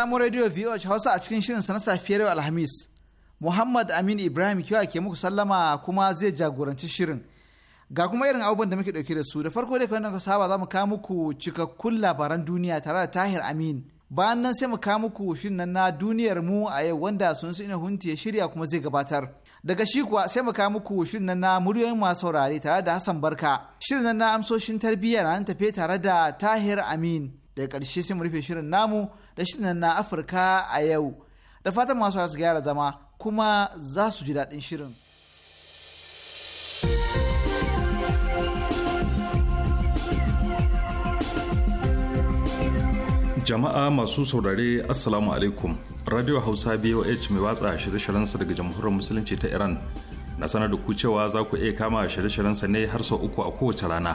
samo radio VOH Hausa a cikin shirin sana safiyar Alhamis. Muhammad Amin Ibrahim kiwa ke muku sallama kuma zai jagoranci shirin. Ga kuma irin abubuwan da muke dauke da su da farko dai kwanan ka saba za mu kawo muku cikakkun labaran duniya tare da Tahir Amin. Bayan nan sai mu kawo muku shirin nan na duniyar mu a yau wanda sun su ina hunti ya shirya kuma zai gabatar. Daga shi kuwa sai mu kawo muku shirin nan na muryoyin masu saurare tare da Hassan Barka. Shirin nan na amsoshin tarbiyya na tafe tare da Tahir Amin. Daga ƙarshe sai mu rufe shirin namu da shirin na Afirka a yau. Da fatan masu su gyara zama kuma za su ji daɗin shirin. Jama'a masu saurare Assalamu alaikum. Radio Hausa BOH mai watsa shirye sa daga Jamhuriyar Musulunci ta Iran na sanar da ku cewa za ku iya kama shirye sa ne har sau uku a kowace rana.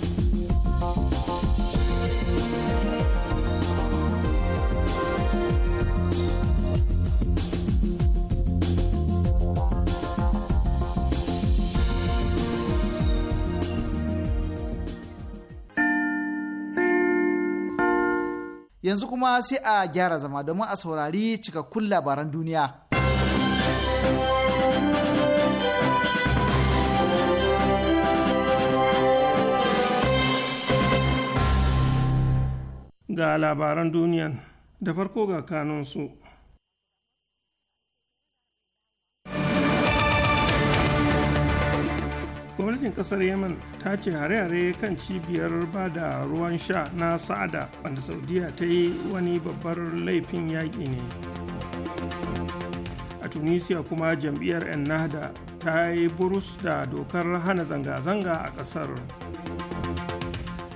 yanzu kuma sai a gyara zama domin a saurari cikakkun labaran duniya. Ga labaran duniyan da farko ga kanunsu. gwamnatin kasar yemen ta ce hare-hare kan cibiyar ba da ruwan sha na sa'ada wanda saudiya ta yi wani babbar laifin yaƙi ne a tunisia kuma jam'iyyar ennahda ta yi burus da dokar hana zanga-zanga a ƙasar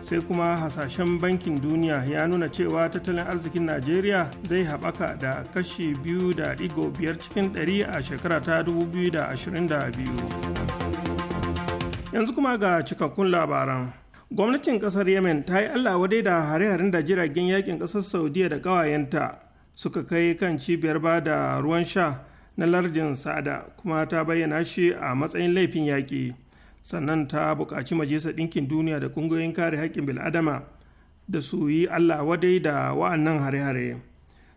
sai kuma hasashen bankin duniya ya nuna cewa tattalin arzikin najeriya zai haɓaka da kashi biyu cikin ɗari a shekara ta 2022 yanzu kuma ga cikakkun labaran gwamnatin kasar yemen ta yi allah wadai da hare-haren da jiragen yakin kasar saudiya da ƙawayenta suka kai kan cibiyar ba da ruwan sha na lardin sa'ada kuma ta bayyana shi a matsayin laifin yaƙi sannan ta buƙaci majalisar ɗinkin duniya da ƙungiyoyin kare haƙƙin bil'adama da su yi allah wadai da wa'annan hare-hare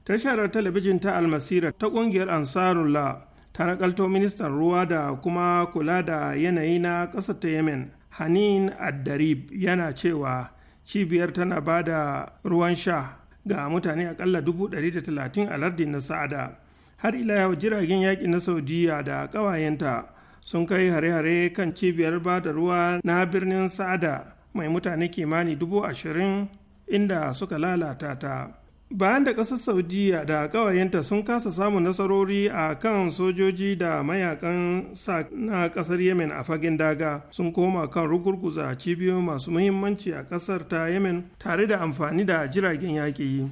tasharar talabijin ta almasira ta ƙungiyar ansarullah ta nakalto ministan ruwa da kuma kula da yanayi na ƙasa ta yemen hanin addarib yana cewa cibiyar tana ba da ruwan sha ga mutane akalla 130 a lardin na sa'ada har ila yau jiragen yaƙi na saudiya da ƙawayenta sun kai hare-hare kan cibiyar ba da ruwa na birnin sa'ada mai mutane kimani dubu ashirin inda suka lalata ta bayan da ƙasar saudiya da ƙawayenta sun kasa samun nasarori a kan sojoji da mayakan sa na ƙasar yemen a fagen daga sun koma kan rugurguza cibiyoyi masu muhimmanci a ƙasar ta yemen tare da amfani da jiragen yaƙi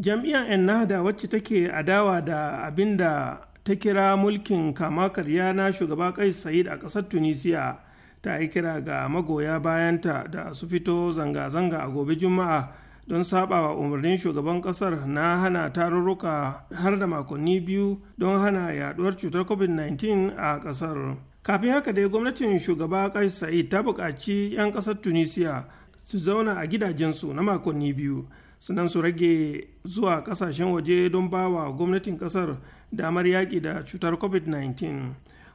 jam'iyyar ennahda wacce take adawa da abin da ta kira mulkin kama karya na shugaba kai sa'id a ƙasar tunisia ta yi kira ga magoya bayanta da su fito zanga-zanga a gobe juma'a don sabawa umarnin shugaban kasar na hana tarurruka har da makonni biyu don hana yaduwar cutar covid-19 a kasar kafin haka dai gwamnatin shugaba kai sa'id ta buƙaci 'yan ƙasar tunisia su zauna a gidajensu na makonni biyu sannan su rage zuwa ƙasashen waje don ba wa gwamnatin ƙasar damar yaƙi da cutar covid-19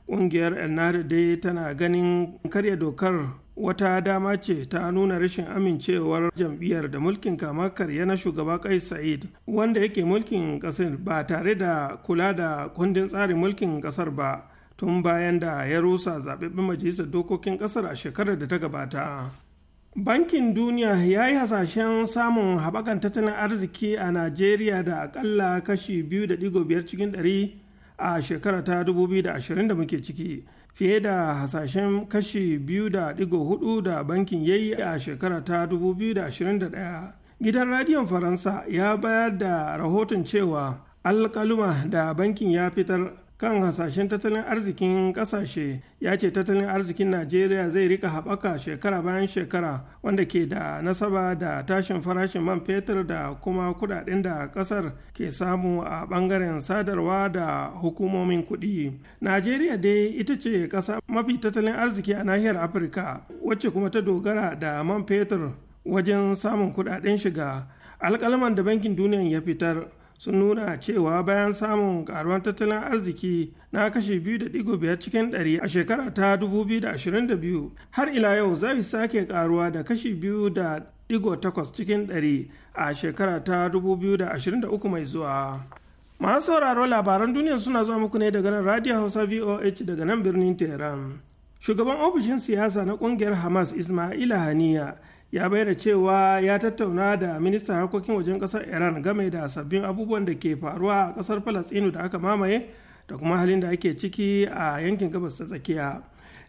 ƙungiyar elnada dai tana ganin karya dokar wata dama ce ta nuna rashin amincewar jam'iyyar da mulkin kama karya na shugaba kai sa'id wanda yake mulkin ƙasar ba tare da kula da kundin tsarin mulkin ƙasar ba tun bayan da ya rusa zaɓaɓɓen majalisar dokokin ƙasar a shekarar da ta gabata bankin duniya ya yi hasashen samun haɓakan tattalin arziki a najeriya da akalla kashi 2.5 cikin ɗari. a shekara ta 2020 da muke ciki fiye da hasashen kashi 2.4 da bankin yayi a shekara ta 2021 gidan radiyon faransa ya bayar da rahoton cewa alkaluma da bankin ya fitar kan hasashen tattalin arzikin kasashe ya ce tattalin arzikin najeriya zai rika haɓaka shekara bayan shekara wanda ke da nasaba da tashin farashin man fetur da kuma kudaden da kasar ke samu a ɓangaren sadarwa da hukumomin kuɗi najeriya dai ita ce ƙasa mafi tattalin arziki a nahiyar afirka wacce kuma ta dogara da man fetur wajen samun kudaden shiga alƙalaman da bankin duniya ya fitar sun nuna cewa bayan samun karuwar tattalin arziki na kashi 2.5 cikin 100 a shekara ta 2022 har ila yau zai sake karuwa da kashi 2.8 cikin 100 a shekara ta 2023 mai zuwa. Masu sauraro labaran duniya suna zuwa muku ne daga nan Radio Hausa VOH daga nan birnin Tehran. Shugaban ofishin siyasa na kungiyar Hamas Ismaila Haniya ya bayyana cewa ya tattauna da ministan harkokin wajen kasar iran game da sabbin abubuwan da ke faruwa a kasar falasɗinu da aka mamaye da kuma halin da ake ciki a yankin gabas ta tsakiya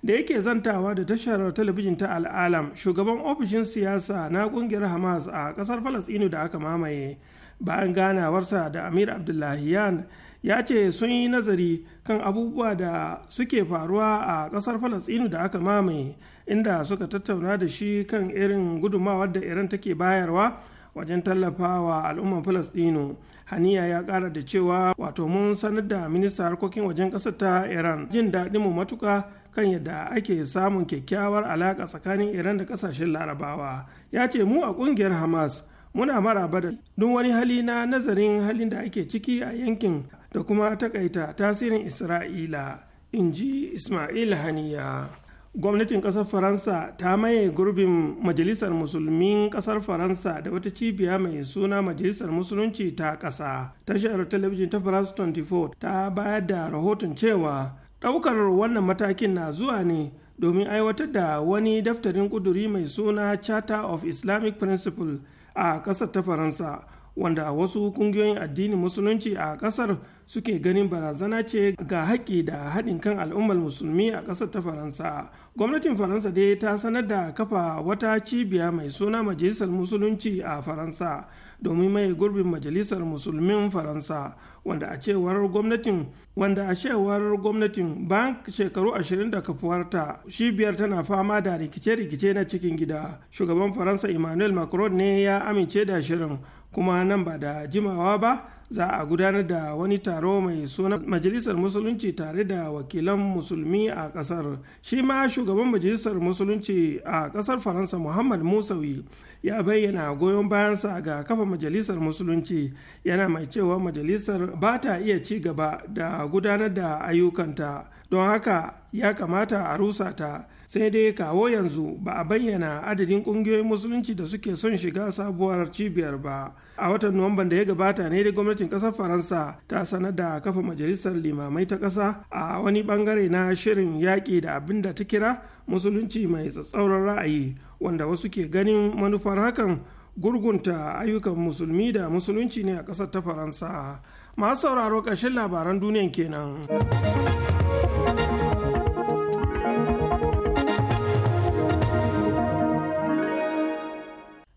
da yake zantawa da tashar talabijin ta al'alam shugaban ofishin siyasa na kungiyar hamas a kasar falasɗinu da aka mamaye bayan ganawarsa da amir abdullahiyan ya ce sun yi nazari kan abubuwa da suke faruwa a ƙasar falasɗinu da aka mamaye inda suka tattauna da shi kan irin gudummawar da iran take bayarwa wajen tallafawa al'ummar falasɗinu haniya ya ƙara da cewa wato mun sanar da minista harkokin wajen ƙasar ta iran jin daɗin mu matuƙa kan yadda ake samun kyakkyawar alaƙa tsakanin iran da ƙasashen larabawa ya ce mu a ƙungiyar hamas muna maraba da duk wani hali na nazarin halin da ake ciki a yankin da kuma takaita tasirin isra'ila in ji ismail haniya gwamnatin kasar faransa ta maye gurbin majalisar musulmin kasar faransa da wata cibiya mai suna majalisar musulunci ta kasa tashar talabijin ta france 24 ta bayar da rahoton cewa ɗaukar wannan matakin na zuwa ne domin aiwatar da wani daftarin kuduri mai suna charter of islamic principle a kasar ta faransa wanda wasu kungiyoyin addinin musulunci a kasar suke ganin barazana ce ga haƙƙi da haɗin kan al'ummar musulmi a ƙasar ta faransa gwamnatin faransa dai ta sanar da kafa wata cibiya mai suna majalisar musulunci a faransa domin mai gurbin majalisar musulmin faransa wanda a cewar gwamnatin wanda a cewar gwamnatin bank shekaru 20 da kafuwarta cibiyar tana fama da rikice-rikice na cikin gida shugaban faransa emmanuel macron ne ya amince da shirin kuma nan ba da jimawa ba za a gudanar da wani taro mai suna majalisar musulunci tare da wakilan musulmi a kasar shi ma shugaban majalisar musulunci a kasar faransa muhammad musawi ya bayyana goyon bayansa ga kafa majalisar musulunci yana mai cewa majalisar ba ta iya ci gaba da gudanar da ayyukanta don haka ya kamata a rusa ta sai dai kawo yanzu ba a bayyana adadin ƙungiyoyin musulunci da suke son shiga sabuwar cibiyar ba a watan nuwamban da ya gabata ne da gwamnatin ƙasar faransa ta sanar da kafa majalisar limamai ta ƙasa a wani bangare na shirin yaƙi da abin da ta kira musulunci mai tsatsauran ra'ayi wanda wasu ke ganin manufar hakan gurgunta ayyukan musulmi da musulunci ne a ƙasar ta faransa masu sauraro ƙarshen labaran duniyan kenan.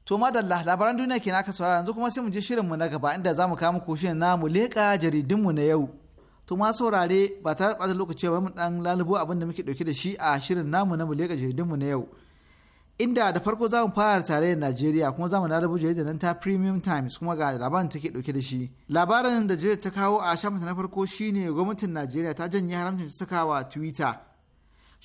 To madalla labaran duniya ke naka saurara yanzu kuma sai mu je shirinmu na gaba inda za mu kawo muku mu namu leƙa mu na yau. To ma saurare ba tare da lokaci ba mu dan lalubo abin da muke dauke da shi a shirin namu na mu leƙa mu na yau. Inda da farko za mu fara tare da Najeriya kuma za mu lalubo jaridar nan ta Premium Times kuma ga labarin take dauke da shi. Labarin da jaridar ta kawo a shafinta na farko shine gwamnatin Najeriya ta janye haramcin sakawa Twitter.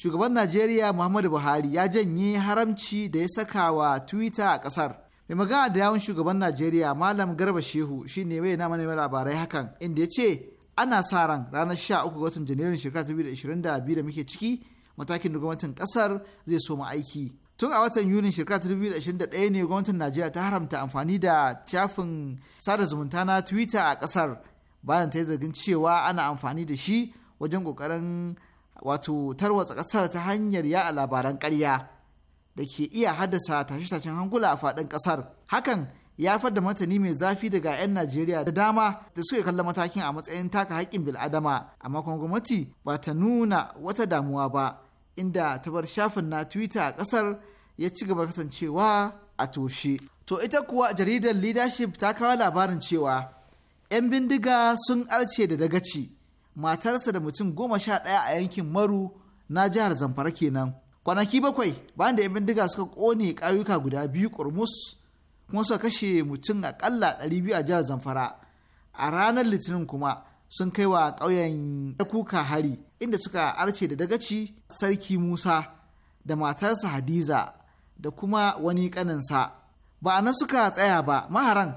shugaban najeriya muhammadu buhari ya janye haramci da ya saka wa twitter a kasar mai magana da yawun shugaban najeriya malam garba shehu shi shine mai na mai labarai hakan inda ya ce ana sa ran ranar 13 ga watan janairun shekara 2022 da muke ciki matakin da gwamnatin kasar zai soma aiki tun a watan yunin shekara 2021 ne gwamnatin najeriya ta haramta amfani da shafin sada zumunta na twitter a kasar bayan ta yi zargin cewa ana amfani da shi wajen kokarin wato tarwatsa ƙasar ta hanyar ya labaran ƙarya da ke iya haddasa tashe-tashen hangula a faɗin ƙasar hakan ya fadda martani mai zafi daga 'yan Najeriya da dama da suka kalla matakin a matsayin taka haƙƙin bil'adama amma kuma gwamnati ba ta nuna wata damuwa ba inda ta bar shafin na Twitter a ƙasar ya ci gaba kasancewa a toshe. To ita kuwa jaridar leadership ta kawo labarin cewa 'yan bindiga sun arce da dagaci matarsa da mutum goma sha ɗaya a yankin maru na jihar zamfara kenan kwanaki bakwai bayan da 'yan bindiga suka ƙone ƙauyuka guda biyu ƙurmus kuma suka kashe mutum aƙalla ɗari biyu a jihar zamfara a ranar litinin kuma sun kai wa ƙauyen kuka hari inda suka arce da dagaci sarki musa da matarsa hadiza da kuma wani ƙaninsa ba a nan suka tsaya ba maharan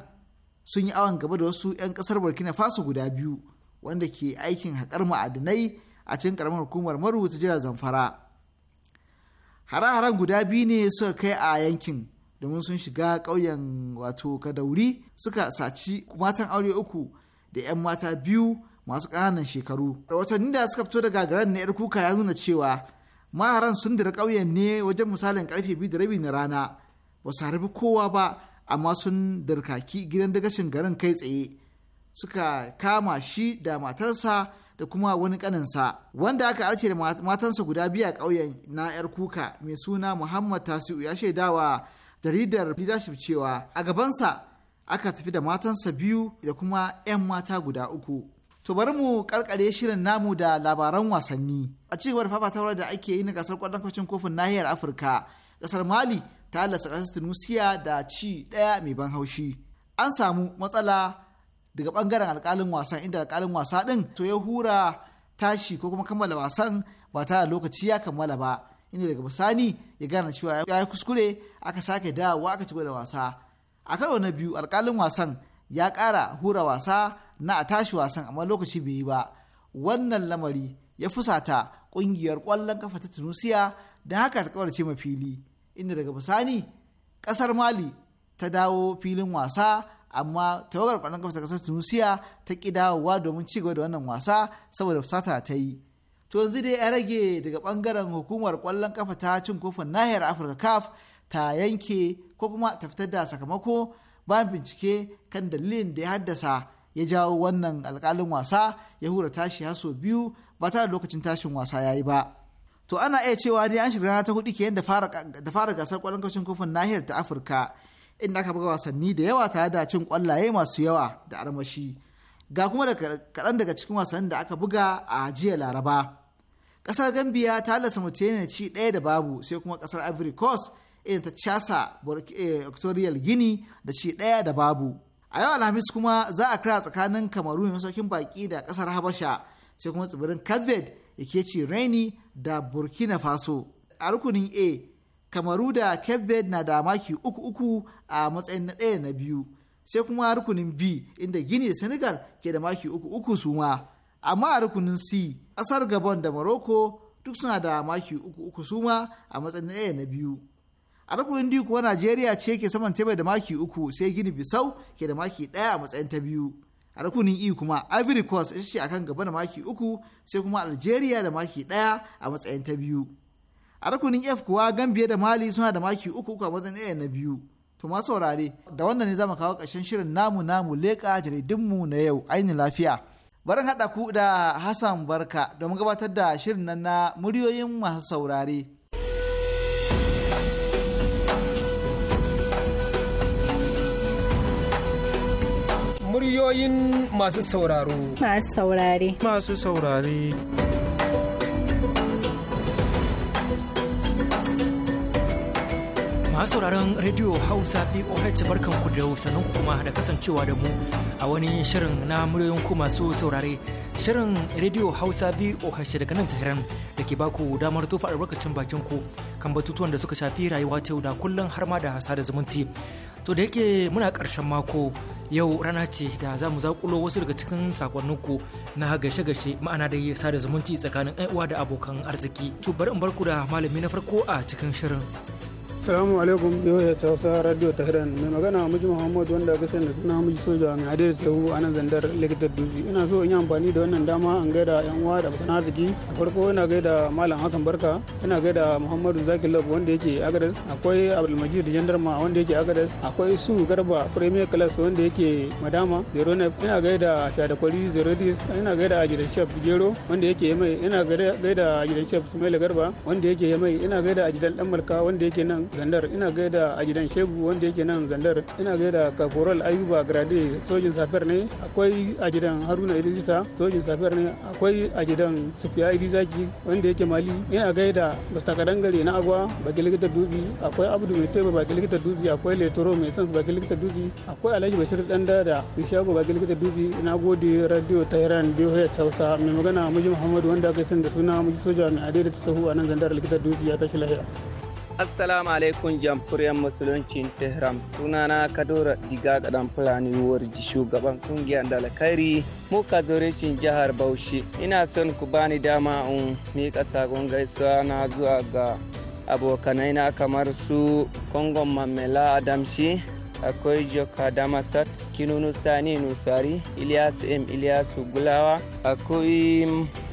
sun yi awon gaba da wasu 'yan ƙasar burkina faso guda biyu wanda ke aikin haƙar ma'adinai a cikin ƙaramar hukumar ta jira zamfara hare-haren guda biyu ne suka kai a yankin domin sun shiga ƙauyen wato kadauri suka saci matan aure uku da 'yan mata biyu masu ƙananan shekaru rahotanni da suka fito daga garin na 'yar kuka ya nuna cewa maharan sun dira ƙauyen ne wajen misalin karfe biyu da rabi na rana ba su harbi kowa ba amma sun dirkaki gidan dagacin garin kai tsaye suka kama shi da matarsa da kuma wani kaninsa wanda aka arce da matansa guda biya ƙauyen na 'yar kuka mai suna muhammad tasiu ya shaidawa jaridar leadership cewa a gabansa aka tafi da matansa biyu da kuma 'yan mata guda uku to bari mu karkare shirin namu da labaran wasanni a cewar fafatawar da ake yi na gasar kwallon kwacin kofin nahiyar afirka kasar mali ta halasta kasar tunusiya da ci daya mai ban haushi an samu matsala daga bangaren alkalin wasan inda alkalin wasa din to ya hura tashi ko kuma kammala wasan ba tare da lokaci ya kammala ba inda daga bisani ya gane cewa ya yi kuskure aka sake dawowa aka ci da wasa a karo na biyu alkalin wasan ya ƙara hura wasa na a tashi wasan amma lokaci bai yi ba wannan lamari ya fusata kungiyar kwallon kafa ta tunusiya da haka ta kawarce mafili inda daga bisani kasar mali ta dawo filin wasa amma tawagar kwallon kafa ta kasar tunisia ta ki dawowa domin ci gaba da wannan wasa saboda sata ta yi to yanzu dai ya rage daga bangaren hukumar kwallon kafa ta cin kofin nahiyar afirka caf ta yanke ko kuma ta fitar da sakamako bayan bincike kan dalilin da ya haddasa ya jawo wannan alkalin wasa ya hura tashi haso biyu ba tare da lokacin tashin wasa ya yi ba to ana iya cewa dai an shiga ta hudu kenan da fara gasar kwallon kafa cin kofin nahiyar ta afirka inda aka buga wasanni da yawa tare da cin kwallaye masu yawa da armashi ga kuma da kaɗan daga cikin wasannin da aka buga a jiya laraba ƙasar gambia ta halasta mutane ci ɗaya da babu sai kuma kasar ivory coast irin ta casa eh, equatorial guinea da ci ɗaya da babu a yau alhamis kuma za a kira tsakanin kamaru mai masaukin baki da kasar habasha sai kuma tsibirin cape da ke ci rainy da burkina faso a rukunin a kamaru da kebbed na da maki uku uku a matsayin na ɗaya na biyu sai kuma rukunin b inda gini da senegal ke da maki uku uku su ma amma a rukunin c ƙasar gabon da morocco duk suna da maki uku uku su ma a matsayin na ɗaya na biyu a rukunin d kuwa najeriya ce ke saman tebe da maki uku sai gini bisau ke da maki ɗaya a matsayin ta biyu a rukunin e kuma ivory coast ita ce akan gaba da maki uku sai kuma algeria da maki ɗaya a matsayin ta biyu a rukunin f kuwa gambiya da mali suna da maki uku uku a matsayin ɗaya na biyu to ma saurare da wannan ne mu kawo ƙarshen shirin namu namu leƙa jaridunmu na yau ainihin lafiya barin haɗa ku da hassan barka domin gabatar da shirin nan na muryoyin masu saurare muryoyin masu sauraro masu saurare masu saurare masu sauraron rediyo hausa poh barkan ku da sannan ku kuma da kasancewa da mu a wani shirin na muryoyin ku masu saurare shirin rediyo hausa poh daga nan tahiran da ke baku damar tofa albarkacin bakin ku kan batutuwan da suka shafi rayuwa ta da kullum har ma da sada zumunci to da yake muna karshen mako yau rana ce da za mu zakulo wasu daga cikin ku na gashe-gashe ma'ana da sada zumunci tsakanin uwa da abokan arziki to bari in barku da malami na farko a cikin shirin Salamu alaikum biyoyi ta wasa radio ta hiran mai magana mijin Muhammad wanda ga sanda suna miji soja mai adai da sahu a nan zandar likitar duzi ina so in yi amfani da wannan dama an gaida yan uwa da abokan arziki a farko ina gaida malam Hassan Barka ina gaida Muhammadu Zaki Lab wanda yake Agadez akwai Abdulmajid Jandarma wanda yake Agadez akwai Su Garba Premier Class wanda yake Madama Zero Nef ina gaida Shadakwari Zero Dis ina gaida Ajidan Chef Gero wanda yake Yamai ina gaida Ajidan Chef Sumaila Garba wanda yake Yamai ina gaida Ajidan Dan Malka wanda yake nan zandar ina gaida a gidan shegu wanda yake nan zandar ina gaida kaforal ayuba grade sojin safiyar ne akwai a gidan haruna idrisa sojin safiyar ne akwai a gidan sufiya idrisaki wanda yake mali ina gaida mr kadangare na agwa bakin likita dutse akwai abdu mai teba bakin likita dutse akwai letoro mai sans bakin likita dutse akwai alhaji bashir dan dada shago bakin likita dutse ina gode radio tehran biyu sausa mai magana muji muhammadu wanda aka sani da suna muji soja mai adai da sahu a nan zandar likita dutse ya tashi lahiya Assalamu alaikum jamhuriyar musuluncin Tehran sunana Kadora Diga Gadan Fulani Warji shugaban kungiyar dalakari mu cin jihar Bauchi ina son ku bani dama in miƙa sakon gaisuwa na zuwa ga abokanai na kamar su Kongon Mamela Adamshi akwai Joka Damasat Kinunu Sani Nusari ilias M Ilyasu Gulawa akwai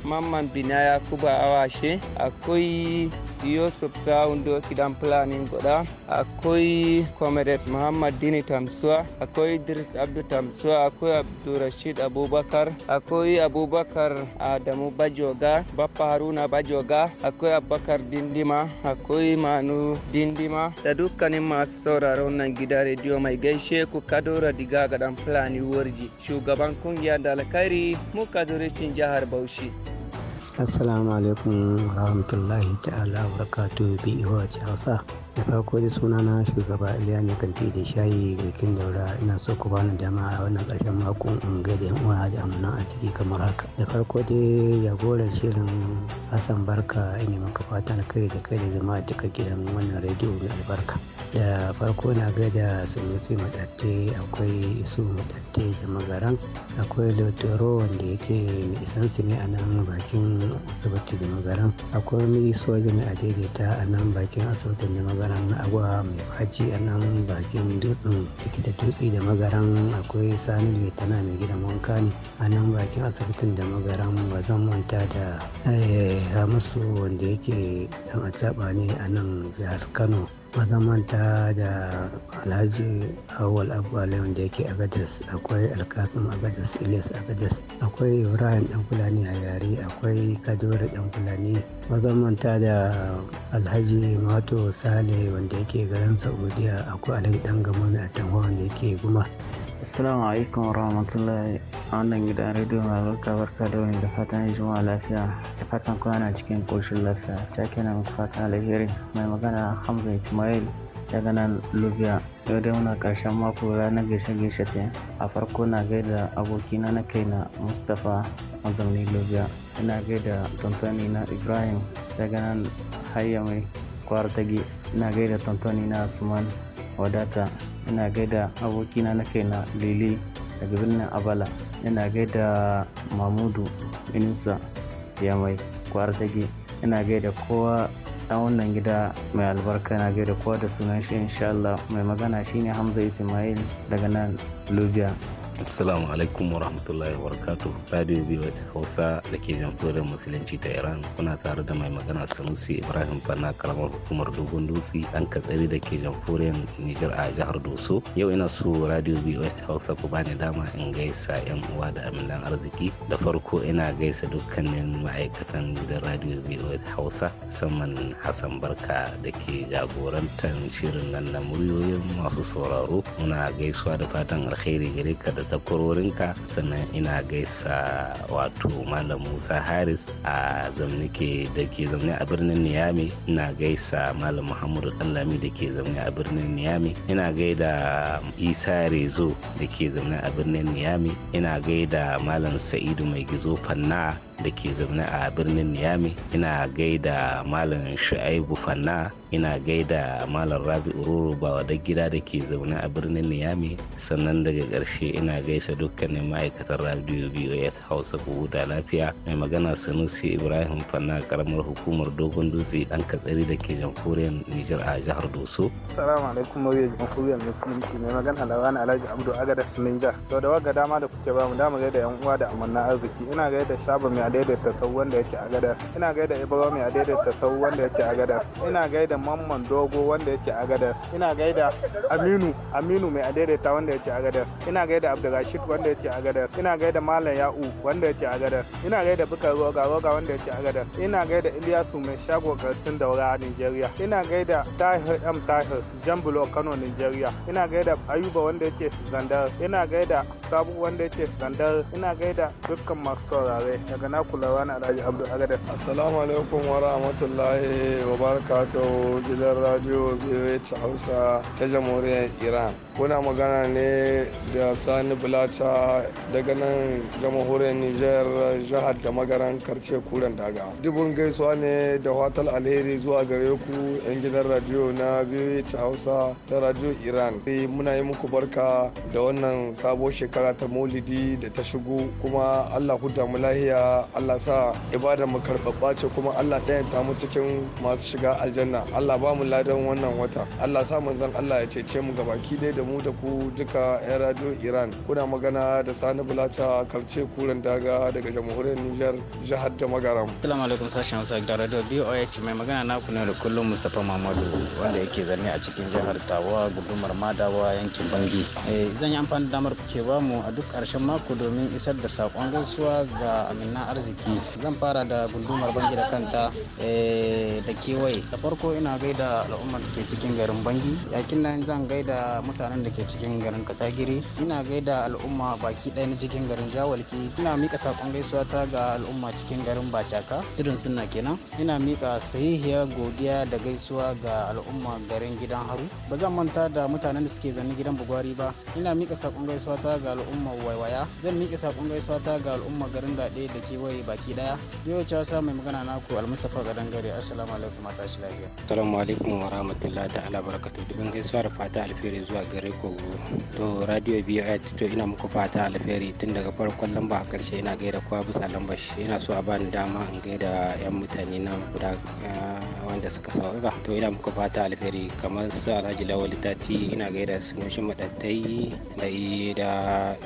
Mamman Binaya Kuba Awashe akwai yo sobsa undo kidan planning goda akwai comrade muhammad dini tamsuwa akwai idris abdu tamsuwa akwai Rashid abubakar akwai abubakar adamu bajoga bappa haruna bajoga akwai abubakar dindima akwai manu dindima da dukkanin masu sauraron nan gida rediyo mai gaishe ku kadora diga gadan fulani warji shugaban kungiyar da mu muka cin jihar bauchi assalamu alaikum rahmatullahi ta'ala wa barakatuhu bi iwaci hausa da farko da suna na shugaba iliya ne kan da shayi garkin daura ina so ku bani dama a wannan karshen makon in ga da yan uwa da amana a ciki kamar haka da farko dai gora shirin hassan barka ina maka fata na kai da kai da zama duka gidan wannan rediyo mai albarka da farko na ga da sunusi matatte akwai isu matatte da magaran akwai lotoro wanda yake mai su ne a nan bakin asibiti da magaran akwai mai soja mai a daidaita a nan bakin asibitin da magaran magaran agwa mai faci a nan bakin dutsen likita dutse da magaran akwai sani mai tana mai gidan wanka ne a nan bakin asibitin da magaran ba zan manta da eh, musu wanda yake dan a ne a nan jihar kano mazamanta da alhaji awal abu alayyar da yake agadas akwai alkasim agadas ilyas agadas akwai ibrahim dan fulani a yare akwai kadore dan fulani mazamanta da alhaji mato sale wanda yake garin saudiya akwai alhaji dan gamani a tanwa wanda yake guma Assalamu alaikum wa rahmatullahi a wannan gidan rediyo mai albarka barka da wani da fatan juma'a lafiya da fatan kwana cikin ƙoshin lafiya ta kenan muku fatan alheri mai magana hamza ismail daga gana Lubiya. yau dai muna karshen mako ranar gaishe-gaishe ta a farko na gaida abokina na kaina mustapha mazaunin Lubiya ina gaida tantoni na ibrahim daga nan hayyami mai ina gaida tantoni na suman wadata ina gaida abokina na na lele daga birnin abala ina gaida mamudu inusa ya mai kwar ina gaida kowa dan wannan gida mai albarka na gaida kowa da sunan shi insha mai magana shine Hamza Ismail daga nan Lubia assalamu alaikum warahmatullahi wabarakatuh radio biyu hausa da ke jamhuriyar musulunci ta iran kuna tare da mai magana sanusi ibrahim fanna karamar hukumar dogon dutse An katsari da ke jamhuriyar nijar a jihar doso yau ina so radio biyu hausa ku bani dama in gaisa yan uwa da aminan arziki da farko ina gaisa dukkanin ma'aikatan gidan radio biyu hausa musamman hassan barka da ke jagorantar shirin nan na muryoyin masu sauraro muna gaisuwa da fatan alkhairi gare ka da takwarorinka sannan ina gaisa wato malam musa haris a zamnike da ke zaune a birnin niyami ina gaisa malam muhammadu ɗanlami da ke zaune a birnin niyami ina gaida isa rezo da ke zaune a birnin niyami ina gaida malam sa'idu mai gizo fanna da ke zaune a birnin Niyami ina gaida Malam Shu'aibu Fanna ina gaida Malam Rabi Ururu bawa da gida da ke zaune a birnin Niyami sannan daga ƙarshe ina gaisa dukkanin ma'aikatan Radio BOS Hausa ko lafiya mai magana Sanusi Ibrahim Fanna karamar hukumar Dogon Dutse dan katsari da ke jamhuriyar Nijar a jihar Doso. Assalamu alaikum mawuyar jamhuriyar Musulunci mai magana Lawan Alhaji Abdu Agada Sinija. To da waga dama da kuke ba mu da mu gaida yan uwa da amanna arziki ina gaida Shaba mai a daidaita sau wanda yake a gadas ina gaida ibrahim a daidaita sau wanda yake a gadas ina gaida mamman dogo wanda yake a gadas ina gaida aminu aminu mai adaidaita wanda yake a gadas ina gaida abdulrashid wanda yake a gadas ina gaida malam ya'u wanda yake a gadas ina gaida bukar roga roga wanda yake a gadas ina gaida iliyasu mai shago kartun daura a nigeria ina gaida tahir m tahir jambulo kano nigeria ina gaida ayuba wanda yake zandar ina gaida sabu wanda yake zandar ina gaida dukkan masu saurare daga na kula na alhaji abdu agadas assalamu alaikum wa rahmatullahi wa barakatuhu gidan radio bwh hausa ta jamhuriyar iran kuna magana ne da sani bulaca daga nan jamhuriyar niger jihar da magaran karce kuren daga dubun gaisuwa ne da watal alheri zuwa gare ku yan gidan radio na biyu hausa ta radio iran e, muna yi muku barka da wannan sabo shekara ta maulidi da ta shigo kuma allah huda mu lahiya allah sa ibada mu karɓaɓɓa ce kuma allah ɗayan ta mu cikin masu shiga aljanna allah ba mu ladan wannan wata allah sa manzon allah ya cece mu gabaki ɗaya da mu da ku duka 'yan radio Iran. Kuna magana da Sani bulata Karce Kuren Daga daga jamhuriyar Nijar jihar da Magaram. salamu alaikum sashen Hausa da radio BOH mai magana na kuna da kullum Mustapha Muhammadu wanda yake zanne a cikin jihar Tawa gudumar Madawa yankin Bangi. Eh, zan yi amfani da damar kuke bamu a duk ƙarshen mako domin isar da saƙon gaisuwa ga amina arziki. Zan fara da Gudumar Bangi da kanta eh, da kewaye. Da farko ina gaida al'ummar da ke cikin garin Bangi. Yakin nan zan gaida mutanen nan da ke cikin garin katagiri ina gaida al'umma baki ɗaya na cikin garin jawalki ina mika saƙon gaisuwa ta ga al'umma cikin garin bacaka tudun suna kenan ina mika sahihiyar godiya da gaisuwa ga al'umma garin gidan haru ba zan manta da mutanen da suke zanne gidan bugwari ba ina mika saƙon gaisuwa ta ga al'umma waiwaya zan mika saƙon gaisuwa ta ga al'umma garin daɗe da kewaye baki ɗaya yau cewa sa mai magana naku almustapha gadon gare assalamu alaikum a tashi lafiya assalamu alaikum wa rahmatullahi ta'ala barakatu dubin gaisuwa da fata alheri zuwa gare alaikum to radio biyar to ina muku fata alheri tun daga farkon lamba a karshe ina gaida kowa bisa lamba shi ina so a bani dama in gaida yan mutane na guda ah, wanda suka saurara to ina muku fata alheri kamar su alhaji lawal tati ina gaida sunushin madattai da da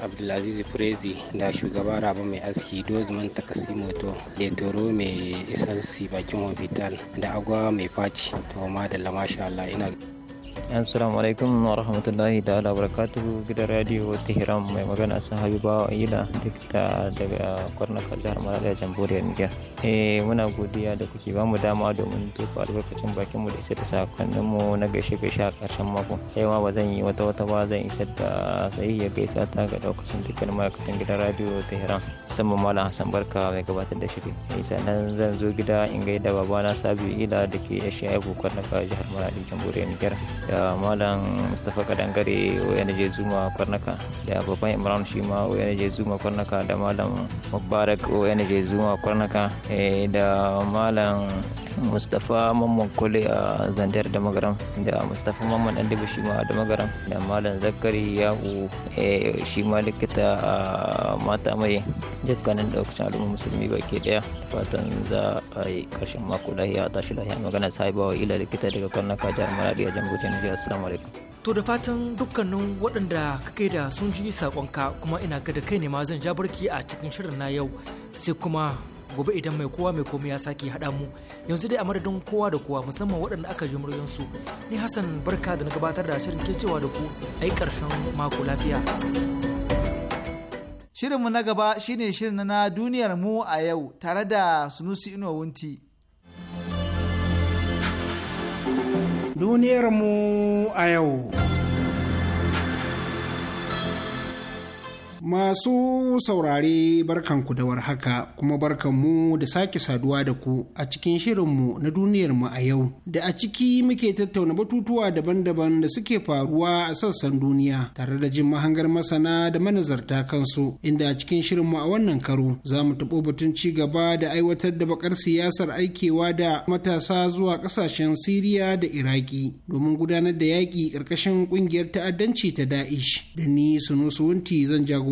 abdulaziz furezi da shugaba rabu mai aski dozman takasimo to letoro mai isansi bakin hospital da agwa mai faci to ma da lamasha Allah ina assalamu alaikum wa rahmatullahi ala barakatuhu gidan radio tehran mai magana sun habiba wa ila dukta daga kwarnaka jihar malariya jamhuriyar niger eh muna godiya da kuke ba mu dama domin tofa albarkacin bakin mu da isa da sakonnin mu na gaishe gaishe a karshen mako kai ma ba zan yi wata wata ba zan isa da ya gaisa ta ga daukacin dukkan ma'aikatan gidan radio tehran musamman malam hassan barka mai gabatar da shiri eh, sannan zan zo gida in gaida babana sabiu ila da ke ya shi kwarnaka jihar malariya jamhuriyar niger da malam mustapha kadangare wayan je zuma kwarnaka da babban imran shi ma wayan je zuma kwarnaka da malam mubarak wayan je zuma kwarnaka eh, da malam mustapha mamman kole a zandar da magaram da mustapha mamman dan dubu shi ma da magaram da malam zakari yahu eh, shi ma likita a mata mai dukkanin daukacin al'umma musulmi baki daya fatan za a yi karshen mako lahiya tashi lahiya magana sahibawa ila likita daga kwarnaka jihar maradiya jamhuriyar assalamu alaikum to da fatan dukkanin waɗanda kake da sun ji sakonka kuma ina ga da kai ne ma zan ja barki a cikin shirin na yau sai kuma gobe idan mai kowa mai komai ya sake haɗa mu yanzu dai a madadin kowa da kowa musamman waɗanda aka ji su ni hassan barka da na gabatar da shirin ke cewa da ku a yi ƙarshen mako lafiya shirinmu na gaba shine shirin na duniyar mu a yau tare da sunusi inuwa wunti duniyarmu a yau. Masu saurare barkanku da warhaka kuma barkanmu da sake saduwa da ku a cikin shirinmu na duniyar mu a yau da a ciki muke tattauna batutuwa daban-daban da suke faruwa a sassan duniya tare da jin mahangar masana da manazarta kansu inda a cikin shirinmu a wannan karo za mu taɓo batun ci gaba da aiwatar da bakar siyasar aikewa da matasa zuwa ƙasashen Siriya da Iraki domin gudanar da yaƙi ƙarƙashin ƙungiyar ta'addanci ta Da'ish da ni Sunusuwunti zan jago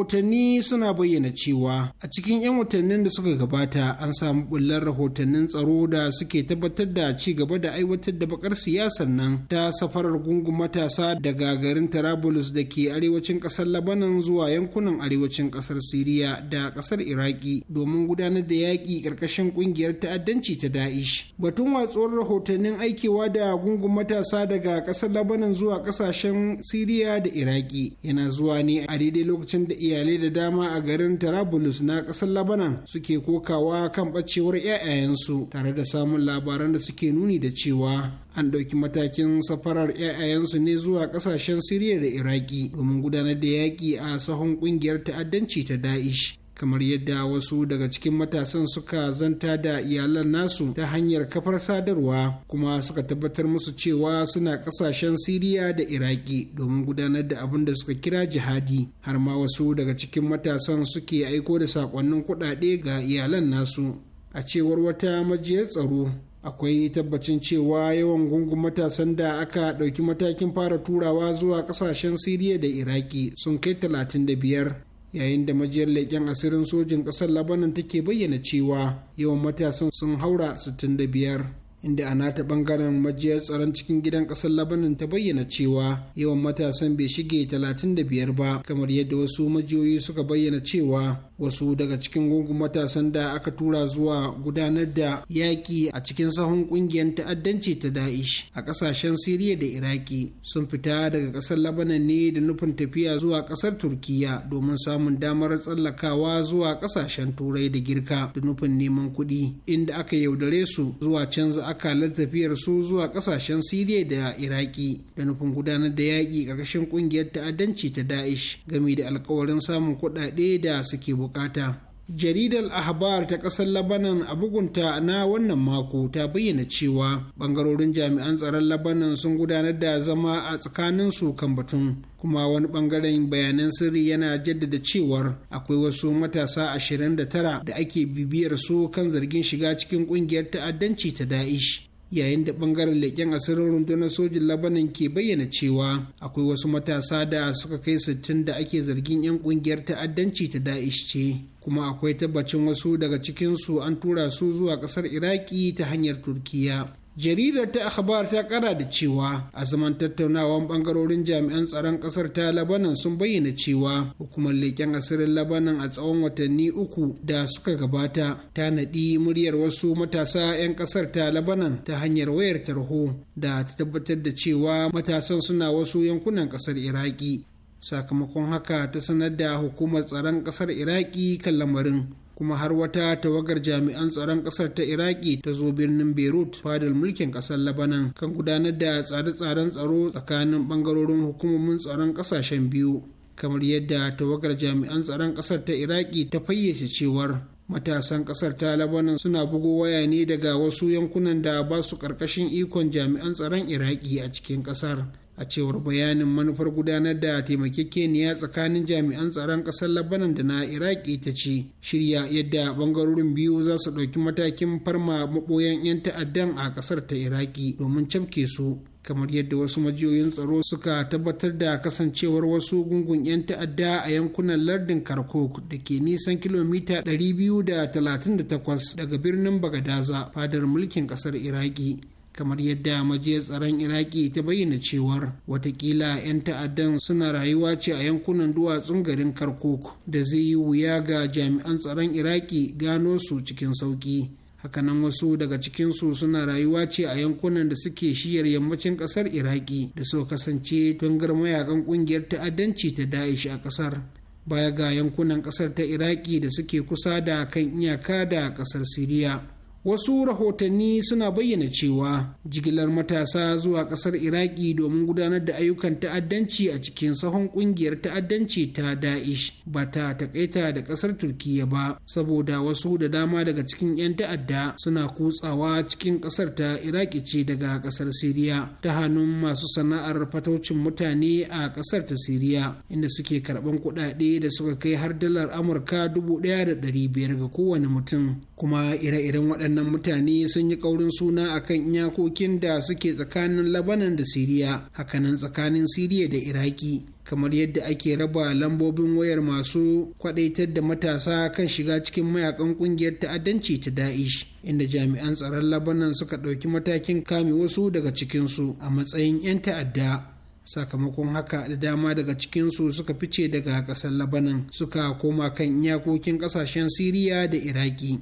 rahotanni suna bayyana cewa a cikin 'yan watannin da suka gabata an samu bullar rahotannin tsaro da suke tabbatar da ci gaba da aiwatar da bakar siyasar nan ta safarar gungun matasa daga garin Tarabulus da ke arewacin ƙasar Labanan zuwa yankunan arewacin ƙasar Siriya da ƙasar Iraki domin gudanar da yaƙi ƙarƙashin ƙungiyar ta'addanci ta Da'ish. Batun watsuwar rahotannin aikewa da gungun matasa daga ƙasar Labanan zuwa ƙasashen Siriya da Iraki yana zuwa ne a daidai lokacin da iyalai da dama a garin Tarabulus na ƙasar Labanan suke kokawa kan ɓacewar 'ya'yayensu tare da samun labaran da suke nuni da cewa an ɗauki matakin safarar 'ya'yayensu ne zuwa ƙasashen Siriya da Iraki domin gudanar da yaƙi a sahun ƙungiyar ta'addanci ta Da'ish. kamar yadda wasu daga cikin matasan suka zanta da iyalan nasu ta hanyar kafar sadarwa kuma suka tabbatar musu cewa suna kasashen siriya da iraki domin gudanar da abin da suka kira jihadi har ma wasu daga cikin matasan suke aiko da sakonnin kuɗaɗe ga iyalan nasu a cewar wata majiyar tsaro akwai tabbacin cewa yawan gungun matasan da aka ɗauki matakin fara turawa zuwa ƙasashen siriya da iraki sun kai 35 yayin da majiyar leƙen asirin sojin ƙasar labanan take bayyana cewa yawan matasan sun haura 65 inda a nata ɓangaren majiyar tsaron cikin gidan ƙasar labanan ta bayyana cewa yawan matasan bai shige 35 ba kamar yadda wasu majiyoyi suka bayyana cewa wasu daga cikin gungun matasan da aka tura zuwa gudanar da yaƙi a cikin sahun ƙungiyar ta'addanci ta da'ish a ƙasashen siriya da iraki sun fita daga ƙasar labanan ne da nufin tafiya zuwa ƙasar turkiya domin samun damar tsallakawa zuwa ƙasashen turai da girka da nufin neman kuɗi inda aka yaudare su zuwa canza akalar tafiyar su zuwa ƙasashen siriya da iraki da nufin gudanar da yaƙi ƙarƙashin ƙungiyar ta'addanci ta da'ish game da alkawarin samun kuɗaɗe da suke buƙata bukata jaridar ahbar ta kasar labanan a bugunta na wannan mako ta bayyana cewa bangarorin jami'an tsaron labanan sun gudanar da zama a tsakanin su kan batun kuma wani bangaren bayanan sirri yana jaddada cewar akwai wasu matasa 29 da ake bibiyar su kan zargin shiga cikin kungiyar ta'addanci ta da'ish yayin da bangaren leƙen asirin rundunar sojin labanin ke bayyana cewa akwai wasu matasa da suka kai sittin da ake zargin 'yan ƙungiyar ta'addanci ta da'ish ce kuma akwai tabbacin wasu daga cikinsu an tura su zuwa ƙasar iraki ta hanyar turkiya jaridar ta akhbar ta kara da cewa a zaman tattaunawan bangarorin jami'an tsaron kasar ta labanan sun bayyana cewa hukumar leƙen asirin labanan a tsawon watanni uku da suka gabata ta naɗi muryar wasu matasa 'yan kasar ta labanan ta hanyar wayar tarho da ta tabbatar da cewa matasan suna wasu yankunan kasar iraki sakamakon haka ta sanar da hukumar tsaron kasar iraki kan lamarin kuma har wata tawagar jami'an tsaron ƙasar ta iraki ta zo birnin beirut fadar mulkin ƙasar labanan kan gudanar da tsare-tsaren tsaro tsakanin ɓangarorin hukumomin tsaron ƙasashen biyu kamar yadda tawagar jami'an tsaron ƙasar ta iraki ta fayyace cewar matasan ƙasar ta labanan suna bugo waya ne daga wasu yankunan da ba su karkashin ikon jami'an tsaron iraki a cikin ƙasar. a cewar bayanin manufar gudanar da taimakekeniya tsakanin jami'an tsaron ƙasar labanan da na iraki ta ce shirya yadda bangarorin biyu za su ɗauki matakin farma maɓoyan 'yan ta'addan a ƙasar ta iraki domin cafke su kamar yadda wasu majiyoyin tsaro suka tabbatar da kasancewar wasu gungun 'yan ta'adda a yankunan lardin karkuk da ke nisan kilomita 238 daga birnin bagadaza fadar mulkin kasar iraki kamar yadda majiyar tsaron iraki ta bayyana cewar watakila 'yan ta'addan suna rayuwa ce a yankunan duwatsun garin karkuk da zai yi wuya ga jami'an tsaron iraki gano su cikin sauki hakanan wasu daga cikinsu suna rayuwa ce a yankunan da suke shiyar yammacin kasar iraki da suka kasance tun mayakan kungiyar ta'addanci ta da'ish a kasar baya ga yankunan kasar ta iraki da suke kusa da kan iyaka da kasar siriya wasu rahotanni suna bayyana cewa jigilar matasa zuwa kasar iraki domin gudanar da ayyukan ta'addanci a cikin sahon kungiyar ta'addanci ta da'ish ba ta takaita da kasar turkiya ba saboda wasu da dama daga cikin 'yan ta'adda suna kutsawa cikin kasar ta iraki ce daga kasar siriya ta hannun masu sana'ar fataucin mutane a kasar ta siriya inda suke karban kuɗaɗe da suka kai har dalar amurka dubu da biyar ga kowane mutum kuma ire-iren waɗannan waɗannan mutane sun yi ƙaurin suna a kan iyakokin da suke tsakanin labanan da siriya hakanan tsakanin siriya da iraki kamar yadda ake raba lambobin wayar masu kwadaitar da matasa kan shiga cikin mayakan kungiyar ta'addanci ta da'ish inda jami'an tsaron labanan suka ɗauki matakin kame wasu daga cikinsu a matsayin 'yan ta'adda sakamakon haka da dama daga cikinsu suka fice daga ƙasar labanan suka koma kan iyakokin ƙasashen siriya da iraki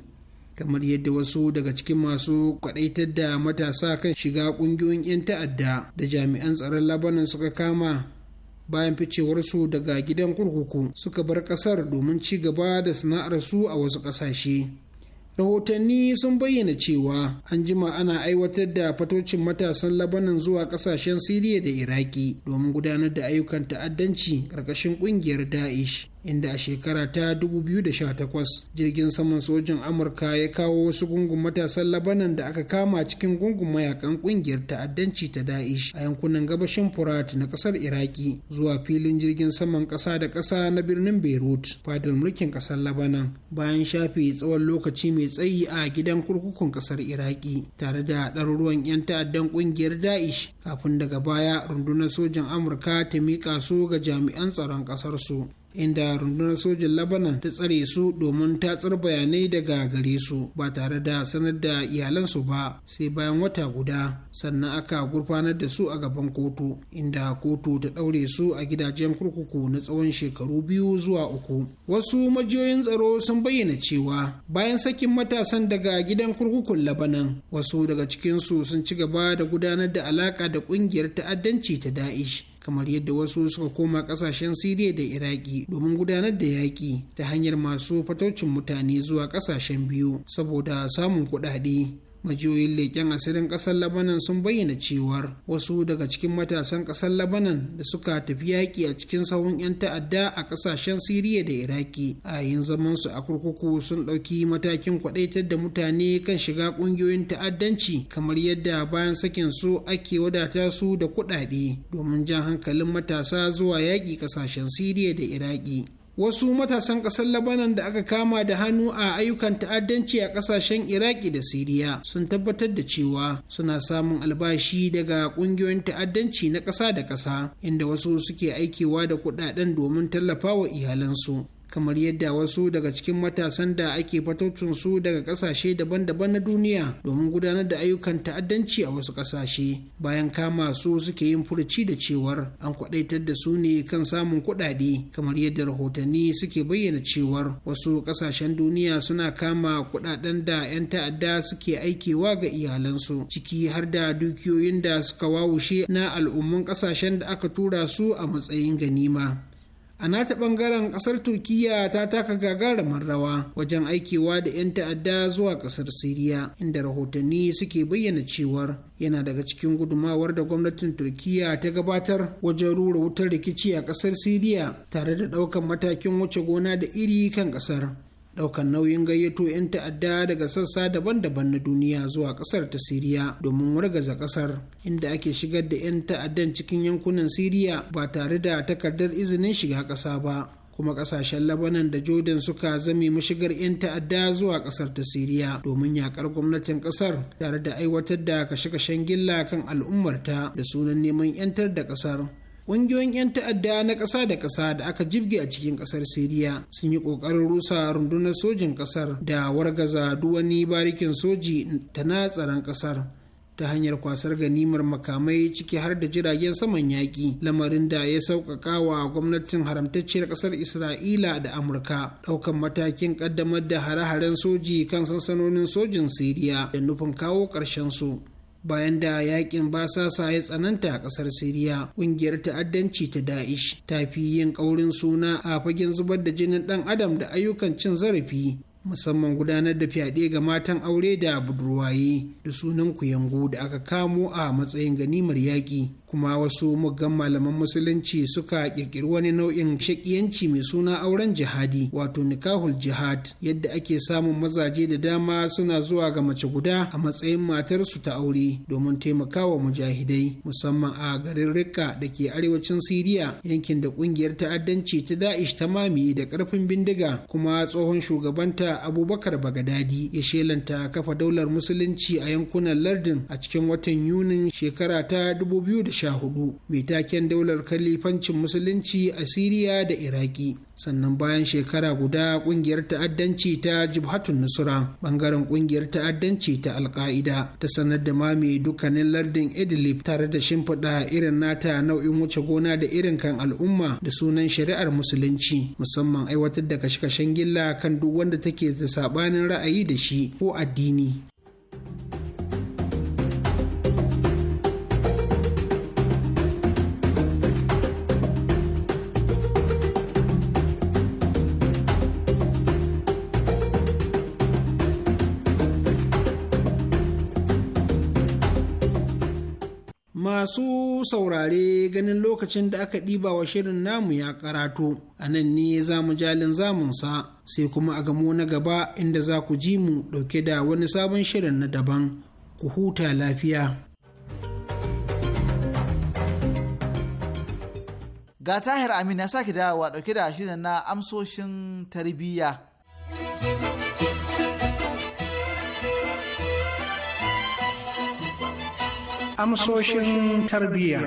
kamar yadda wasu daga cikin masu kwadaitar da matasa kan shiga kungiyoyin 'yan ta'adda da jami'an tsaron labanan suka kama bayan ficewarsu daga gidan kurkuku suka bar kasar domin ci gaba da sana'arsu a wasu ƙasashe. rahotanni sun bayyana cewa an jima ana aiwatar da fatocin matasan labanan zuwa kasashen siriya da iraki domin gudanar da ayyukan ta'addanci ƙarƙashin ƙungiyar daesh inda a shekara ta 2018 jirgin saman sojin amurka ya kawo wasu gungun matasan labanan da aka kama cikin gungun mayakan kungiyar ta'addanci ta da'ish a yankunan gabashin furat na kasar iraki zuwa filin jirgin saman kasa da kasa na birnin beirut fadar mulkin kasar labanan bayan shafe tsawon lokaci mai tsayi a gidan kurkukun kasar iraki tare da ɗaruruwan 'yan ta'addan kungiyar da'ish kafin daga baya rundunar sojin amurka ta miƙa su ga jami'an tsaron kasar su inda rundunar sojin labanan ta tsare su domin tatsar bayanai daga gare su ba tare da sanar da iyalansu ba sai bayan wata guda sannan aka gurfanar da su a gaban kotu inda kotu ta ɗaure su a gidajen kurkuku na tsawon shekaru biyu zuwa uku wasu majiyoyin tsaro sun bayyana cewa bayan sakin matasan daga gidan kurkukun labanan wasu daga cikinsu sun ci gaba da gudanar da alaka da ƙungiyar ta'addanci ta da'ish kamar yadda wasu suka koma kasashen siriya da iraki domin gudanar da yaƙi ta hanyar masu fataucin mutane zuwa kasashen biyu saboda samun kuɗaɗe majiyoyin leƙen asirin ƙasar labanan sun bayyana cewar wasu daga cikin matasan ƙasar labanan da suka tafi yaƙi a cikin sahun 'yan ta'adda a ƙasashen siriya da iraki a yayin zamansu a kurkuku sun ɗauki matakin kwaɗaitar da mutane kan shiga ƙungiyoyin ta'addanci kamar yadda bayan sakin su ake wadata su da kuɗaɗe domin jan hankalin matasa zuwa yaƙi ƙasashen siriya da iraki wasu matasan ƙasar labanan da aka kama da hannu a ayyukan ta'addanci a ƙasashen iraki da siriya sun tabbatar da cewa suna samun albashi daga ƙungiyoyin ta'addanci na ƙasa da ƙasa inda wasu suke aikewa da kuɗaɗen domin tallafa wa iyalansu kamar yadda wasu daga cikin matasan da ake fatocin su daga kasashe daban-daban na duniya domin gudanar da ayyukan ta'addanci a wasu kasashe bayan kama su suke yin furuci da cewar an kwadaitar da su ne kan samun kuɗaɗe kamar yadda rahotanni suke bayyana cewar wasu kasashen duniya suna kama kuɗaɗen da 'yan ta'adda suke aikewa ga iyalansu ciki har da dukiyoyin da suka wawushe na al'ummun kasashen da aka tura su a matsayin ganima a nata bangaren kasar turkiya ta taka gagarumar rawa wajen aikewa da 'yan ta'adda zuwa kasar siriya inda rahotanni suke bayyana cewar yana daga cikin gudumawar da gwamnatin turkiya ta gabatar wajen rura wutar rikici a kasar siriya tare da daukan matakin wuce gona da iri kan kasar daukan nauyin gayyato 'yan ta'adda daga sassa daban-daban na duniya zuwa kasar ta siriya domin wargaza kasar, inda ake shigar da 'yan ta'addan cikin yankunan siriya ba tare da takardar izinin shiga ƙasa ba kuma kasashen labanan da jordan suka zame mashigar 'yan ta'adda zuwa kasar ta siriya domin yakar gwamnatin kasar tare da aiwatar da kashe-kashen gilla kan al'ummarta da sunan neman 'yantar da kasar ƙungiyoyin 'yan ta'adda na ƙasa da ƙasa da aka jibge a cikin ƙasar siriya sun yi ƙoƙarin rusa rundunar sojin ƙasar da wargaza wani barikin soji da na tsaron ƙasar ta hanyar kwasar ganimar makamai ciki har da jiragen saman yaƙi lamarin da ya sauƙaƙa wa gwamnatin haramtacciyar ƙasar isra'ila da amurka ɗaukan matakin ƙaddamar da hare-haren soji kan sansanonin sojin siriya da nufin kawo ƙarshen su bayan da yakin basasa ya tsananta a kasar siriya kungiyar ta'addanci ta da'ish ta fi yin ƙaurin suna a fagen zubar da jinin ɗan adam da ayyukan cin zarafi musamman gudanar da fyaɗe ga matan aure da budurwaye da sunan kuyangu da aka kamo a matsayin ganimar yaƙi kuma wasu muggan malaman musulunci suka ƙirƙiri wani nau'in shaƙiyanci mai suna auren jihadi wato nikahul jihad yadda ake samun mazaje da dama suna zuwa ga mace guda a matsayin matarsu ta aure domin taimakawa mujahidai musamman a garin rikka da ke arewacin siriya yankin da ƙungiyar ta'addanci ta da'ish ta mamiye da ƙarfin bindiga kuma tsohon shugabanta da abubakar bagadadi ya shelanta kafa daular musulunci a yankunan lardin a cikin watan yunin shekara ta 2014 mai taken daular kalifancin musulunci a siriya da iraki sannan bayan shekara guda kungiyar ta'addanci ta jibhatun nusra bangaren kungiyar ta'addanci ta alka'ida ta sanar da mami dukkanin lardin idlib tare da shimfiɗa irin nata nau'in wuce gona da irin kan al'umma da sunan shari'ar musulunci musamman aiwatar da kashe-kashen gilla kan duk wanda take da saɓanin ra'ayi da shi ko addini. masu saurare ganin lokacin da aka ɗiba wa shirin namu ya karatu a nan ne za mu jalin zamunsa sai kuma a gamo na gaba inda za ku ji mu ɗauke da wani sabon shirin na daban ku huta lafiya ga tahir amin ya sake dawowa ɗauke da shirin na amsoshin tarbiyya amsoshin tarbiyya.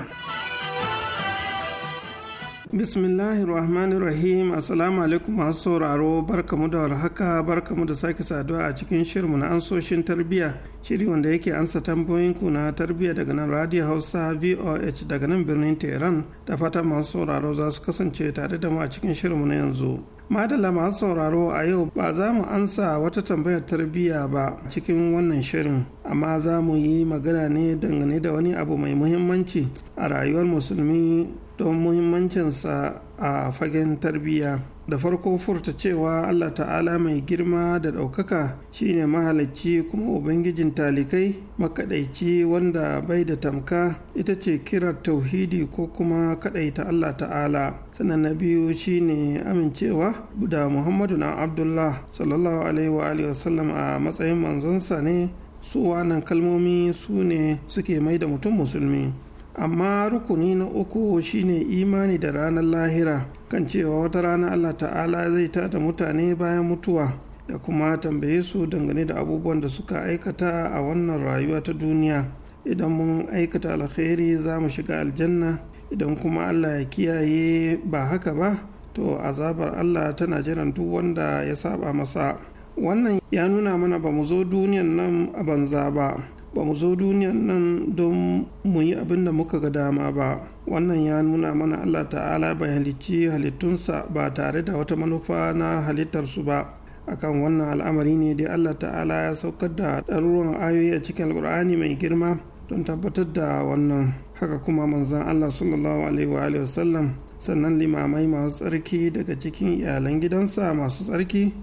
bismillahir rahmanir rahim assalamu alaikum masu sauraro barkamu da warhaka barkamu da sake saduwa a cikin shirmu na ansoshin tarbiyya shiri wanda yake ansa tambayoyinku na tarbiyya daga nan radio hausa voh daga nan birnin tehran da fatan masu sauraro za su kasance tare da mu a cikin shirmu na yanzu madala masu sauraro a yau ba za mu ansa wata tambayar tarbiyya ba cikin wannan shirin amma za mu yi magana ne dangane da wani abu mai muhimmanci a rayuwar musulmi don muhimmancinsa a fagen tarbiyya da farko furta cewa Allah ta'ala mai girma da ɗaukaka shine mahalicci kuma ubangijin talikai makaɗaici wanda bai da tamka ita ce kirar tauhidi ko kuma kaɗaita Allah ta'ala sannan na biyu shine amincewa da muhammadu na abdullah sallallahu alaihi wa wasallam a matsayin manzonsa ne su wannan kalmomi su ne suke mai da mutum musulmi amma rukuni na uku shine imani da ranar lahira kan cewa wata rana allah ta'ala zai ta da mutane bayan mutuwa da kuma tambaye su dangane da abubuwan da suka aikata a wannan rayuwa ta duniya idan mun aikata alkhairi za mu shiga aljanna idan kuma allah ya kiyaye ba haka ba to azabar allah tana jiran duk wanda ya saba masa wannan ya nuna mana ba mu zo duniyan nan a banza ba ba mu zo duniyar nan don mu yi abin da muka ga dama ba wannan ya nuna mana allah ta'ala bai halicci halittunsa ba tare da wata manufa na halittarsu ba akan wannan al'amari ne dai allah ta'ala ya saukar da ɗaruruwan ayoyi a cikin alkur'ani mai girma don tabbatar da wannan haka kuma manzan allah sallallahu alaihi wa wasallam sannan limamai masu tsarki daga cikin iyalan gidansa masu tsarki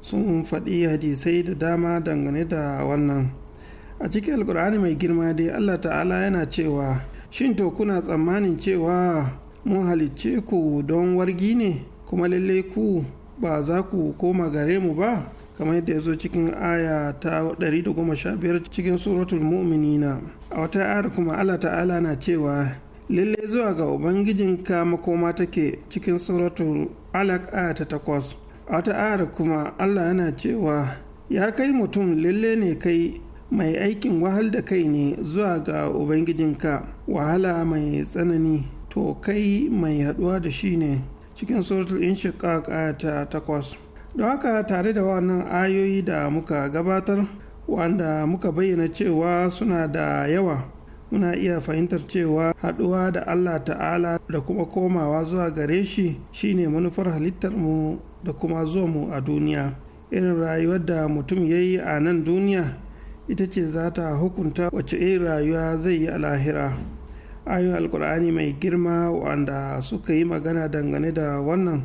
sun faɗi hadisai da dama dangane da wannan a cikin alkur'ani mai girma dai allah ta'ala yana cewa shin to kuna tsammanin cewa mun halicce ku don wargi ne kuma lalle ku ba za ku koma gare mu ba kamar yadda ya zo cikin aya ta 115 cikin suratul mu'minina a wata ayar kuma allah ta'ala na cewa lalle zuwa ga ubangijinka makoma take cikin suratul alaq aya ta 8 a wata ayar kuma allah yana cewa ya kai mutum lalle ne kai mai aikin wahal da kai ne zuwa ga ubangijinka wahala mai tsanani to kai mai haɗuwa da shi ne cikin suratul inshiqaq ayata takwas don haka tare da wannan ayoyi da muka gabatar wanda muka bayyana cewa suna da yawa muna iya fahimtar cewa haɗuwa da allah ta'ala da kuma komawa zuwa gare shi shine manufar halittar mu da kuma zuwa mu a duniya irin rayuwar da mutum ya yi a nan duniya ita ce za ta hukunta wace irin rayuwa zai yi a lahira ayoyin alkur'ani mai girma wanda suka yi magana dangane da wannan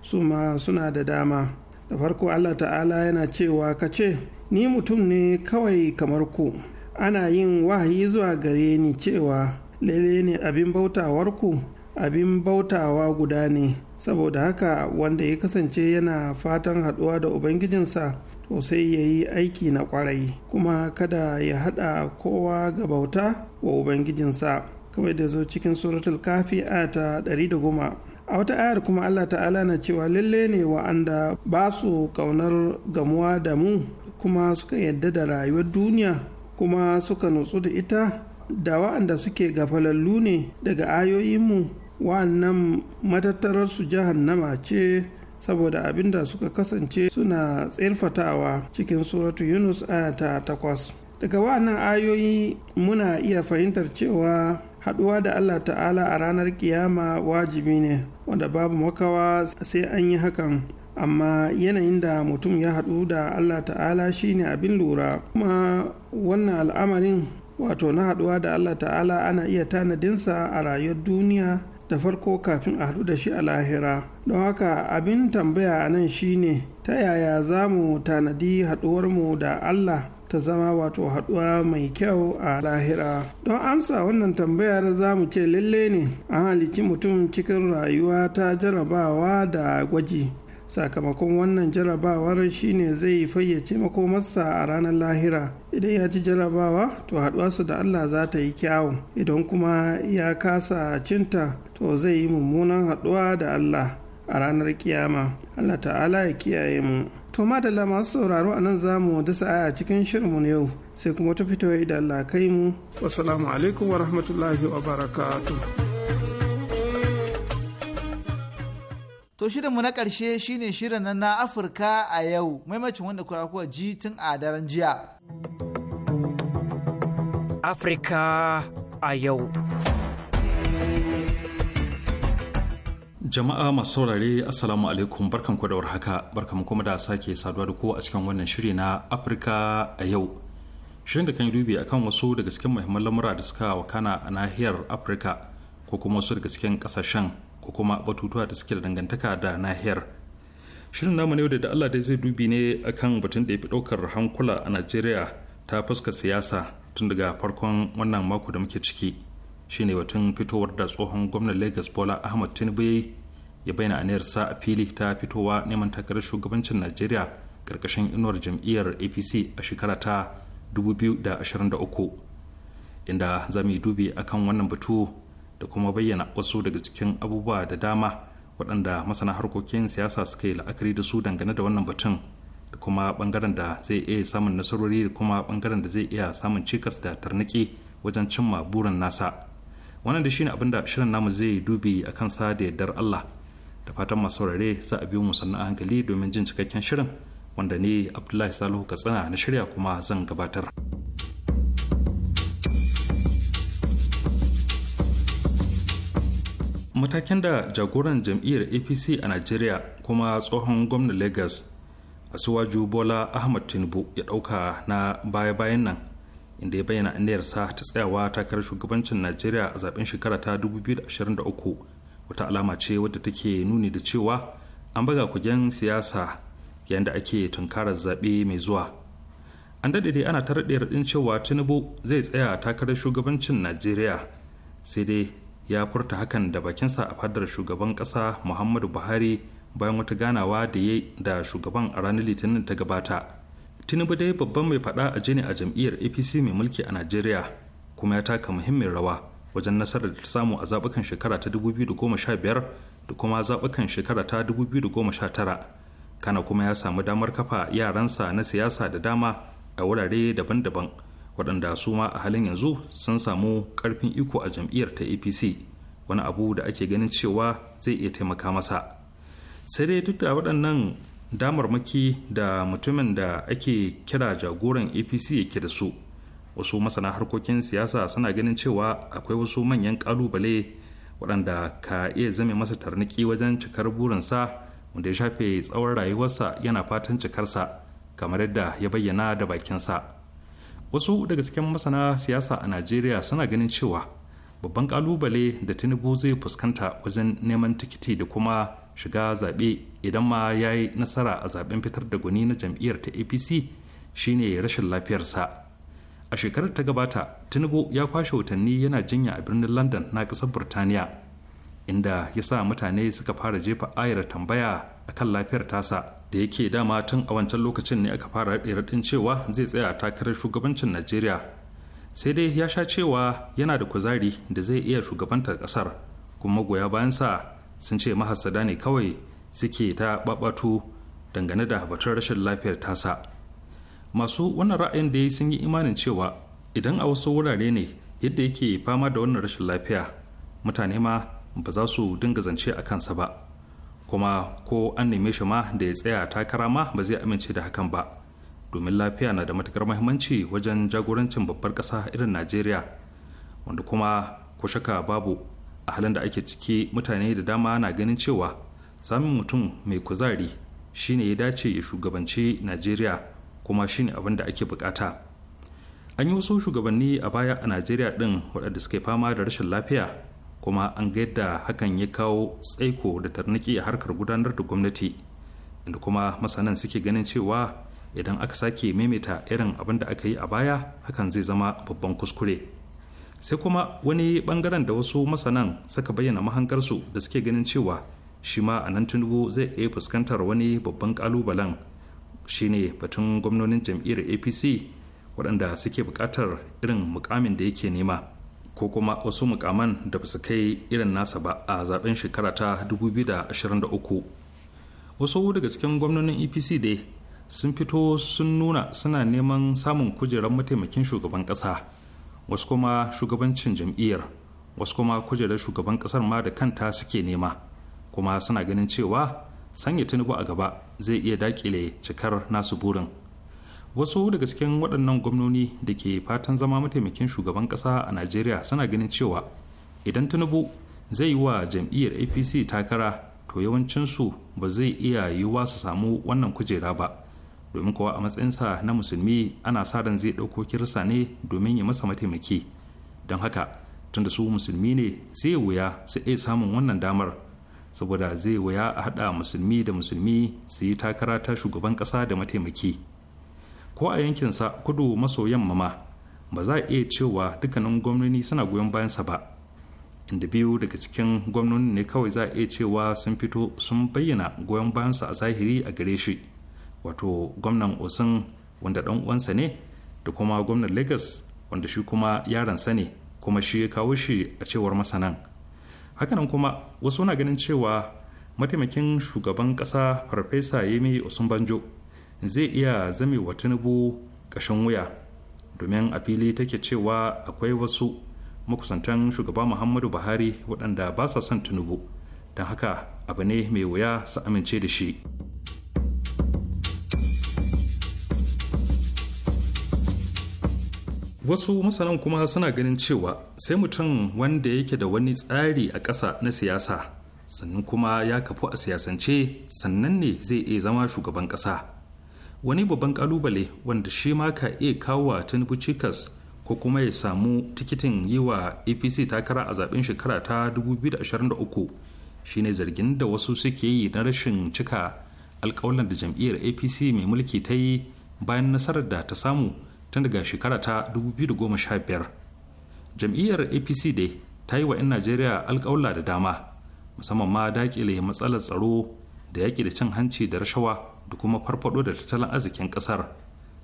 su ma suna da dama da farko allah ta'ala yana cewa ka ce ni mutum ne kawai kamar ku ana yin wahayi zuwa gare ni cewa lele ne abin bautawar ku? abin bautawa guda ne saboda haka wanda ya kasance yana fatan haɗuwa da ubangijinsa to sai ya yi aiki na kwarai kuma kada ya haɗa kowa ga bauta wa ubangijinsa kamar da zo cikin suratul kafi a ta goma. a wata ayar kuma allah ta'ala na cewa lalle ne wa'anda ba su kaunar gamuwa da mu kuma suka yadda da rayuwar duniya kuma suka nutsu da ita da wa'anda suke gafalallu ne daga ayoyinmu wa'annan matattararsu jahannama ce saboda abin da suka kasance suna tsirfatawa cikin suratu yunus aya ta takwas daga wa'annan ayoyi muna iya fahimtar cewa haɗuwa da allah ta'ala a ranar kiyama wajibi ne wanda babu makawa sai an yi hakan amma yanayin da mutum ya haɗu da allah ta'ala shine abin lura kuma wannan al'amarin wato na haɗuwa da allah ta'ala ana iya tanadinsa a rayuwar duniya da farko kafin a haɗu da shi a lahira don haka abin tambaya a nan shine ta yaya za mu tanadi haɗuwarmu da allah ta zama wato haɗuwa mai kyau a lahira don ansa wannan tambayar za mu ce lalle ne an halici mutum cikin rayuwa ta jarabawa da gwaji sakamakon wannan jarabawar shine zai fayyace makomarsa a ranar lahira idan ya ci jarabawa to haɗuwarsa da allah za ta yi kyawu idan kuma ya kasa cinta to zai yi mummunan haɗuwa da allah a ranar kiyama allah ta'ala ya kiyaye mu to madalla masu sauraro a nan za mu dasa a cikin shirinmu na yau sai kuma ta fito idan allah kai mu wasu alaikum wa rahmatullahi wa barakatuh To shirinmu na ƙarshe shine shirin na Afirka a yau, maimacin wanda kura kuwa ji tun a daren jiya. Afirka a yau. Jama'a masu saurare Assalamu alaikum barkanku da warhaka barkanku kuma da sake saduwa da kowa a cikin wannan shiri na Afirka a yau. Shirin da kan yi dubi akan wasu daga cikin muhimman lamura da suka wakana a nahiyar Afirka ko kuma wasu daga cikin kasashen ko kuma batutuwa da suke da dangantaka da nahiyar shirin namu ne da allah dai zai dubi ne akan batun da ya fi ɗaukar hankula a najeriya ta fuska siyasa tun daga farkon wannan mako da muke ciki shine batun fitowar da tsohon gwamnan lagos bola ahmad tinubu ya bayyana sa a fili ta fitowa neman takarar shugabancin najeriya karkashin inuwar jam'iyyar apc a shekara ta 2023 inda za mu yi dubi akan wannan batu da kuma bayyana wasu daga cikin abubuwa da dama waɗanda masana harkokin siyasa suka yi la'akari da su dangane da wannan batun da kuma ɓangaren da zai iya samun nasarori da kuma ɓangaren da zai iya samun cikas da tarniki wajen cimma burin nasa wannan da shine abin da shirin namu zai dubi a kansa da yardar Allah da fatan masu saurare za a biyo mu sannan a hankali domin jin cikakken shirin wanda ni Abdullahi Salihu Katsina na shirya kuma zan gabatar. matakin da jagoran jam'iyyar apc a najeriya kuma tsohon gwamnan lagos asuwaju bola ahmad tinubu ya dauka na baya-bayan nan inda ya bayyana aniyarsa ta tsayawa takarar shugabancin najeriya a zaben shekara ta 2023 wata alama ce wadda take nuni da cewa an baga kugen siyasa yayin da ake tunkarar zaɓe mai zuwa an daɗe dai ana ta raɗe raɗin cewa tinubu zai tsaya takarar shugabancin najeriya sai dai ya furta hakan da bakinsa a fadar shugaban kasa muhammadu buhari bayan wata ganawa da ya da shugaban a ranar litinin ta gabata tinubu dai babban mai fada a jini a jam'iyyar apc mai mulki a najeriya kuma ya taka muhimmin rawa wajen nasarar da ta samu a zaɓukan shekara ta 2015 da kuma zaɓukan shekara ta 2019 kana kuma ya samu damar kafa yaransa na siyasa da dama a wurare daban-daban waɗanda su ma a halin yanzu sun samu ƙarfin iko a jam'iyyar ta apc wani abu da ake ganin cewa zai iya taimaka masa sai dai duk da waɗannan damarmaki da mutumin da ake kira jagoran apc yake da su wasu masana harkokin siyasa suna ganin cewa akwai wasu manyan ƙalubale waɗanda ka iya zame masa tarniki wajen cikar burinsa wanda ya shafe tsawon rayuwarsa yana fatan cikarsa kamar yadda ya bayyana da bakinsa. wasu daga cikin masana siyasa a najeriya suna ganin cewa babban kalubale da tinubu zai fuskanta wajen neman tikiti da kuma shiga zaɓe idan ma ya yi nasara a zaɓen fitar da gwani na jam'iyyar ta apc shine rashin lafiyarsa a shekarar ta gabata tinubu ya kwashe watanni yana jinya a birnin london na ƙasar burtaniya inda ya sa mutane suka fara jefa ayar tambaya akan lafiyar tasa da yake dama tun a wancan lokacin ne aka fara raɗin cewa zai tsaya a takarar shugabancin najeriya sai dai ya sha cewa yana da kuzari da zai iya shugabantar ƙasar kuma magoya bayansa sun ce mahasada ne kawai suke ta ɓaɓato dangane da batun rashin lafiyar tasa masu wannan ra'ayin da ya sun yi imanin cewa idan a wasu wurare ne yadda yake fama da wannan rashin lafiya mutane ma ba za su dinga zance a kansa ba kuma ko an neme shi ma da ya tsaya takara ma ba zai amince da hakan ba domin lafiya na da matukar mahimmanci wajen jagorancin babbar ƙasa irin najeriya wanda kuma ko shaka babu a halin da ake ciki mutane da dama na ganin cewa samun mutum mai kuzari shine ya dace ya shugabanci najeriya kuma shine abin da ake bukata an yi wasu shugabanni a baya a najeriya din waɗanda suke fama da rashin lafiya kuma an ga yadda hakan ya kawo tsaiko da tarniki a harkar gudanar da gwamnati inda kuma masanan suke ganin cewa idan aka sake maimaita irin abin da aka yi a baya hakan zai zama babban kuskure sai kuma wani bangaren da wasu masanan suka bayyana mahangarsu da suke ganin cewa shi ma a nan tunubu zai iya fuskantar wani babban kalubalen shine batun gwamnonin jam'iyyar apc waɗanda suke buƙatar irin mukamin da yake nema ko kuma wasu mukaman da ba su kai irin nasa ba a zaben shekara ta 2023 wasu daga cikin gwamnonin epc dai sun fito sun nuna suna neman samun kujerar mataimakin shugaban ƙasa wasu kuma shugabancin jam'iyyar wasu kuma kujerar shugaban ƙasar ma da kanta suke nema kuma suna ganin cewa sanya tinubu a gaba zai iya dakile cikar nasu burin wasu daga cikin waɗannan gwamnoni da ke fatan zama mataimakin shugaban ƙasa a najeriya suna ganin cewa idan tinubu zai yi wa jam'iyyar apc takara to yawancinsu ba zai iya yiwuwa su samu wannan kujera ba domin kowa a matsayinsa na musulmi ana sa ran zai ɗauko kirsa ne domin ya masa mataimaki don haka tunda su musulmi ne sai wuya su iya samun wannan damar saboda zai wuya a haɗa musulmi da musulmi su yi takara ta shugaban ƙasa da mataimaki ko a yankinsa kudu maso yamma ma ba za a iya cewa dukkanin gwamnoni suna goyon bayansa ba inda biyu daga cikin gwamnoni ne kawai za a iya cewa sun fito sun bayyana goyon bayansa a zahiri a gare shi wato gwamnan osun wanda dan uwansa ne da kuma gwamnan lagos wanda shi kuma yaransa ne kuma shi ya kawo shi a cewar masanan hakanan kuma wasu na ganin cewa mataimakin shugaban kasa farfesa yemi banjo. zai iya zame wa tinubu ƙashin wuya domin a fili take cewa akwai wasu makusantan shugaba muhammadu buhari waɗanda ba sa son tinubu don haka abu ne mai wuya su amince da shi wasu masanan kuma suna ganin cewa sai mutum wanda yake da wani tsari a ƙasa na siyasa sannan kuma ya kafu a siyasance sannan ne zai iya zama shugaban ƙasa wani babban kalubale wanda shi ma ka iya kawo wa tinubu cikas ko kuma ya samu tikitin yi wa apc takara a zaben shekara ta 2023 shine zargin da wasu suke yi na rashin cika alkawalan da jam'iyyar apc mai mulki ta yi bayan nasarar da ta samu tun daga shekara ta 2015 jam'iyyar apc dai ta yi wa 'yan najeriya alkawalla da dama musamman ma dakile matsalar tsaro da yaƙi da cin hanci da rashawa da kuma farfado da tattalin arzikin kasar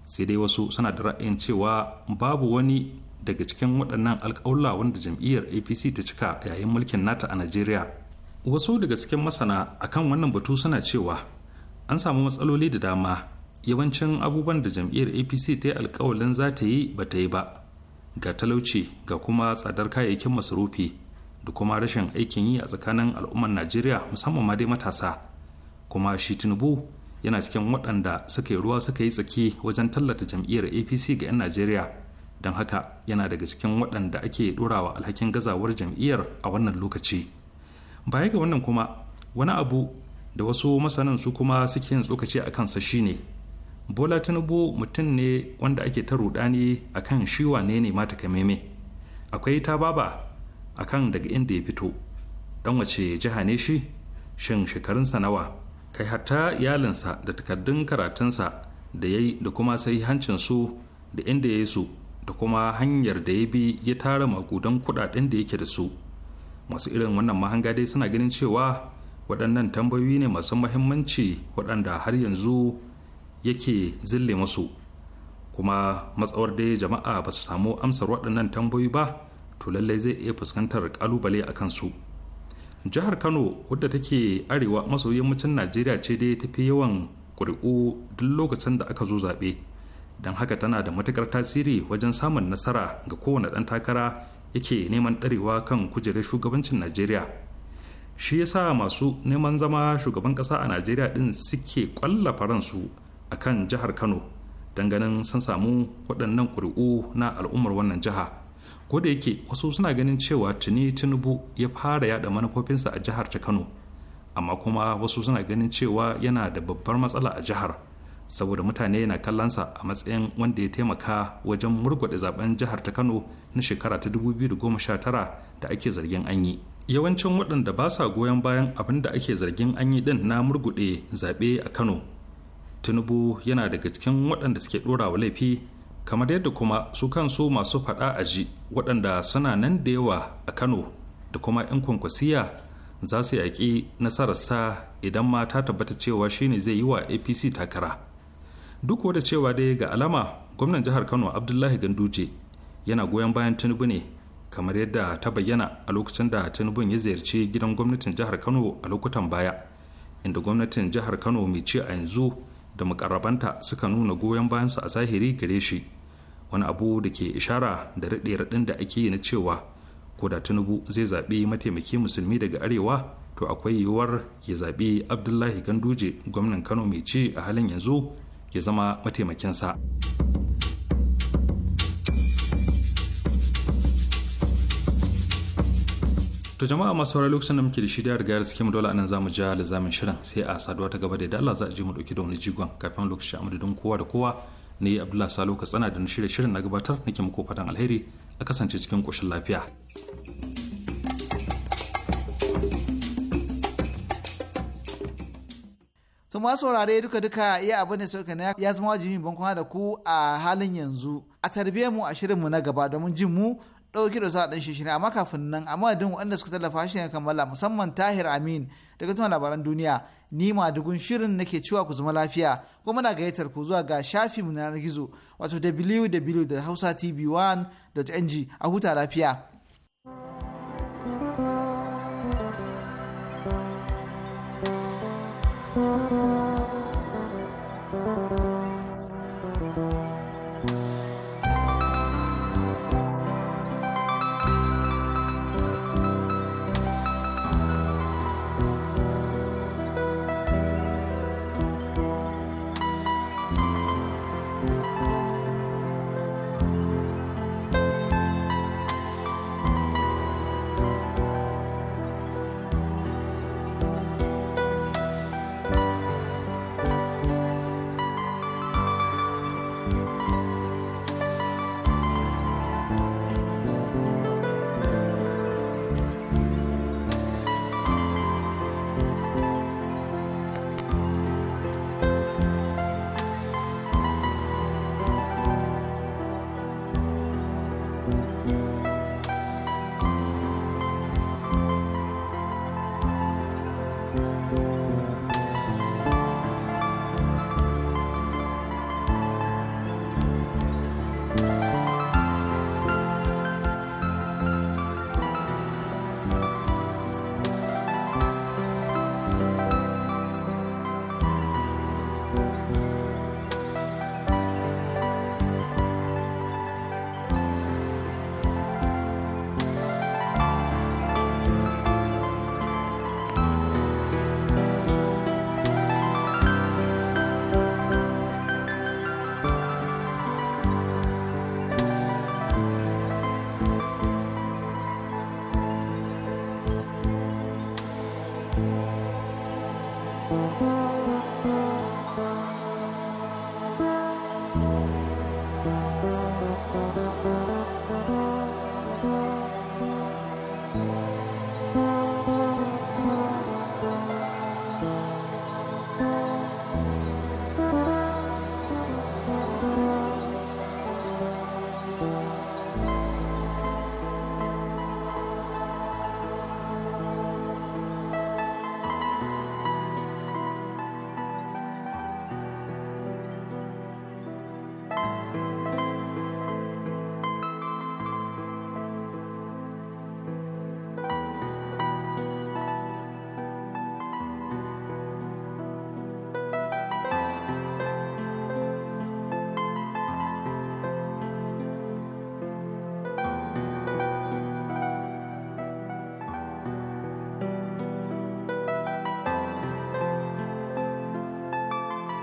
sai dai wasu suna da ra'ayin cewa babu wani daga cikin waɗannan alƙawla wanda jam'iyyar apc ta cika yayin mulkin nata a najeriya wasu daga cikin masana akan wannan batu suna cewa an samu matsaloli da dama yawancin abubuwan da jam'iyyar apc ta yi alƙawalin za ta yi ba ta yi ba ga talauci ga kuma tsadar kayayyakin masarufi da kuma rashin aikin yi a tsakanin al'ummar najeriya musamman ma dai matasa kuma shi tinubu yana cikin waɗanda suka yi ruwa suka yi tsaki wajen tallata jam'iyyar apc ga 'yan najeriya don haka yana daga cikin waɗanda ake ɗorawa alhakin gazawar jam'iyyar a wannan lokaci baya ga wannan kuma wani abu da wasu masanan su kuma suke yin tsokaci a kansa shine bola tinubu mutum ne wanda ake ta rudani a kan shi wane ne mata kameme akwai ta baba a kan daga inda ya fito ɗan wace jiha ne shi shin shekarunsa nawa kai hatta iyalinsa da takardun karatunsa da ya da kuma sai hancin su da inda ya yi su da kuma hanyar da ya bi ya tara makudan kudaden da yake da su masu irin wannan mahanga dai suna ganin cewa waɗannan tambayoyi ne masu mahimmanci waɗanda har yanzu yake zille musu kuma matsawar dai jama'a ba su samu amsar waɗannan tambayoyi ba to lallai zai iya fuskantar kalubale a kansu. su jihar kano wadda take arewa maso yammacin najeriya ce dai ta fi yawan ƙuri'u duk lokacin da aka zo zaɓe don haka tana da matukar tasiri wajen samun nasara ga kowane ɗan takara yake neman ɗarewa kan kujerar shugabancin najeriya shi ya sa masu neman zama shugaban ƙasa a najeriya ɗin suke ƙwallafa faransu a kan jihar kano don ganin sun samu waɗannan ƙuri'u na al'ummar wannan jiha da yake wasu suna ganin cewa tuni tinubu ya fara yada manufofinsa a jihar ta kano amma kuma wasu suna ganin cewa yana da babbar matsala a jihar saboda mutane na kallonsa a matsayin wanda ya taimaka wajen murgwada zaben jihar ta kano na shekara ta 2019 da ake zargin an yi yawancin waɗanda ba sa goyon bayan abin da ake zargin an yi din na murgude zaɓe a kano tinubu yana daga cikin waɗanda suke ɗora wa laifi kamar yadda kuma su kan kansu masu faɗa a ji waɗanda suna nan da yawa a kano da kuma 'yan kwankwasiya za su yaƙi sa idan ma ta tabbata cewa shine zai yi wa apc takara duk wadda cewa dai ga alama gwamnan jihar kano abdullahi ganduje yana goyon bayan tinubu ne kamar yadda ta bayyana a lokacin da tinubu ya ziyarci gidan gwamnatin jihar kano a lokutan baya inda gwamnatin jihar kano mai ci a yanzu da mukarrabanta suka nuna goyon bayansu a zahiri gare shi wani abu da ke ishara da raɗe raɗin da ake yi na cewa ko da tinubu zai zaɓi mataimaki musulmi daga arewa to akwai yiwuwar ya zaɓi abdullahi ganduje gwamnan kano mai ci a halin yanzu ya zama mataimakinsa to jama'a masu saurari lokacin da muke da shi da riga da suke dole anan zamu ja da zamin shirin sai a saduwa ta gaba da Allah za a je mu dauki da wani jigon kafin lokacin amadadin kowa da kowa ne abdullahi salo ka tsana da na shirya shirin na gabatar ke muku fatan alheri a kasance cikin koshin lafiya to ma saurare duka duka iya abu ne sauka ne ya zama wajibi ban kwana da ku a halin yanzu a tarbiyyar mu a shirin mu na gaba domin jin mu ɗauki da za a ɗan shirin amma kafin nan amma madadin waɗanda suka tallafa shi ne kammala musamman tahir amin daga tuma labaran duniya ni madugun shirin nake cewa ku zama lafiya kuma muna gayyatar ku zuwa ga shafi mu na gizo wato tv 1ng a huta lafiya.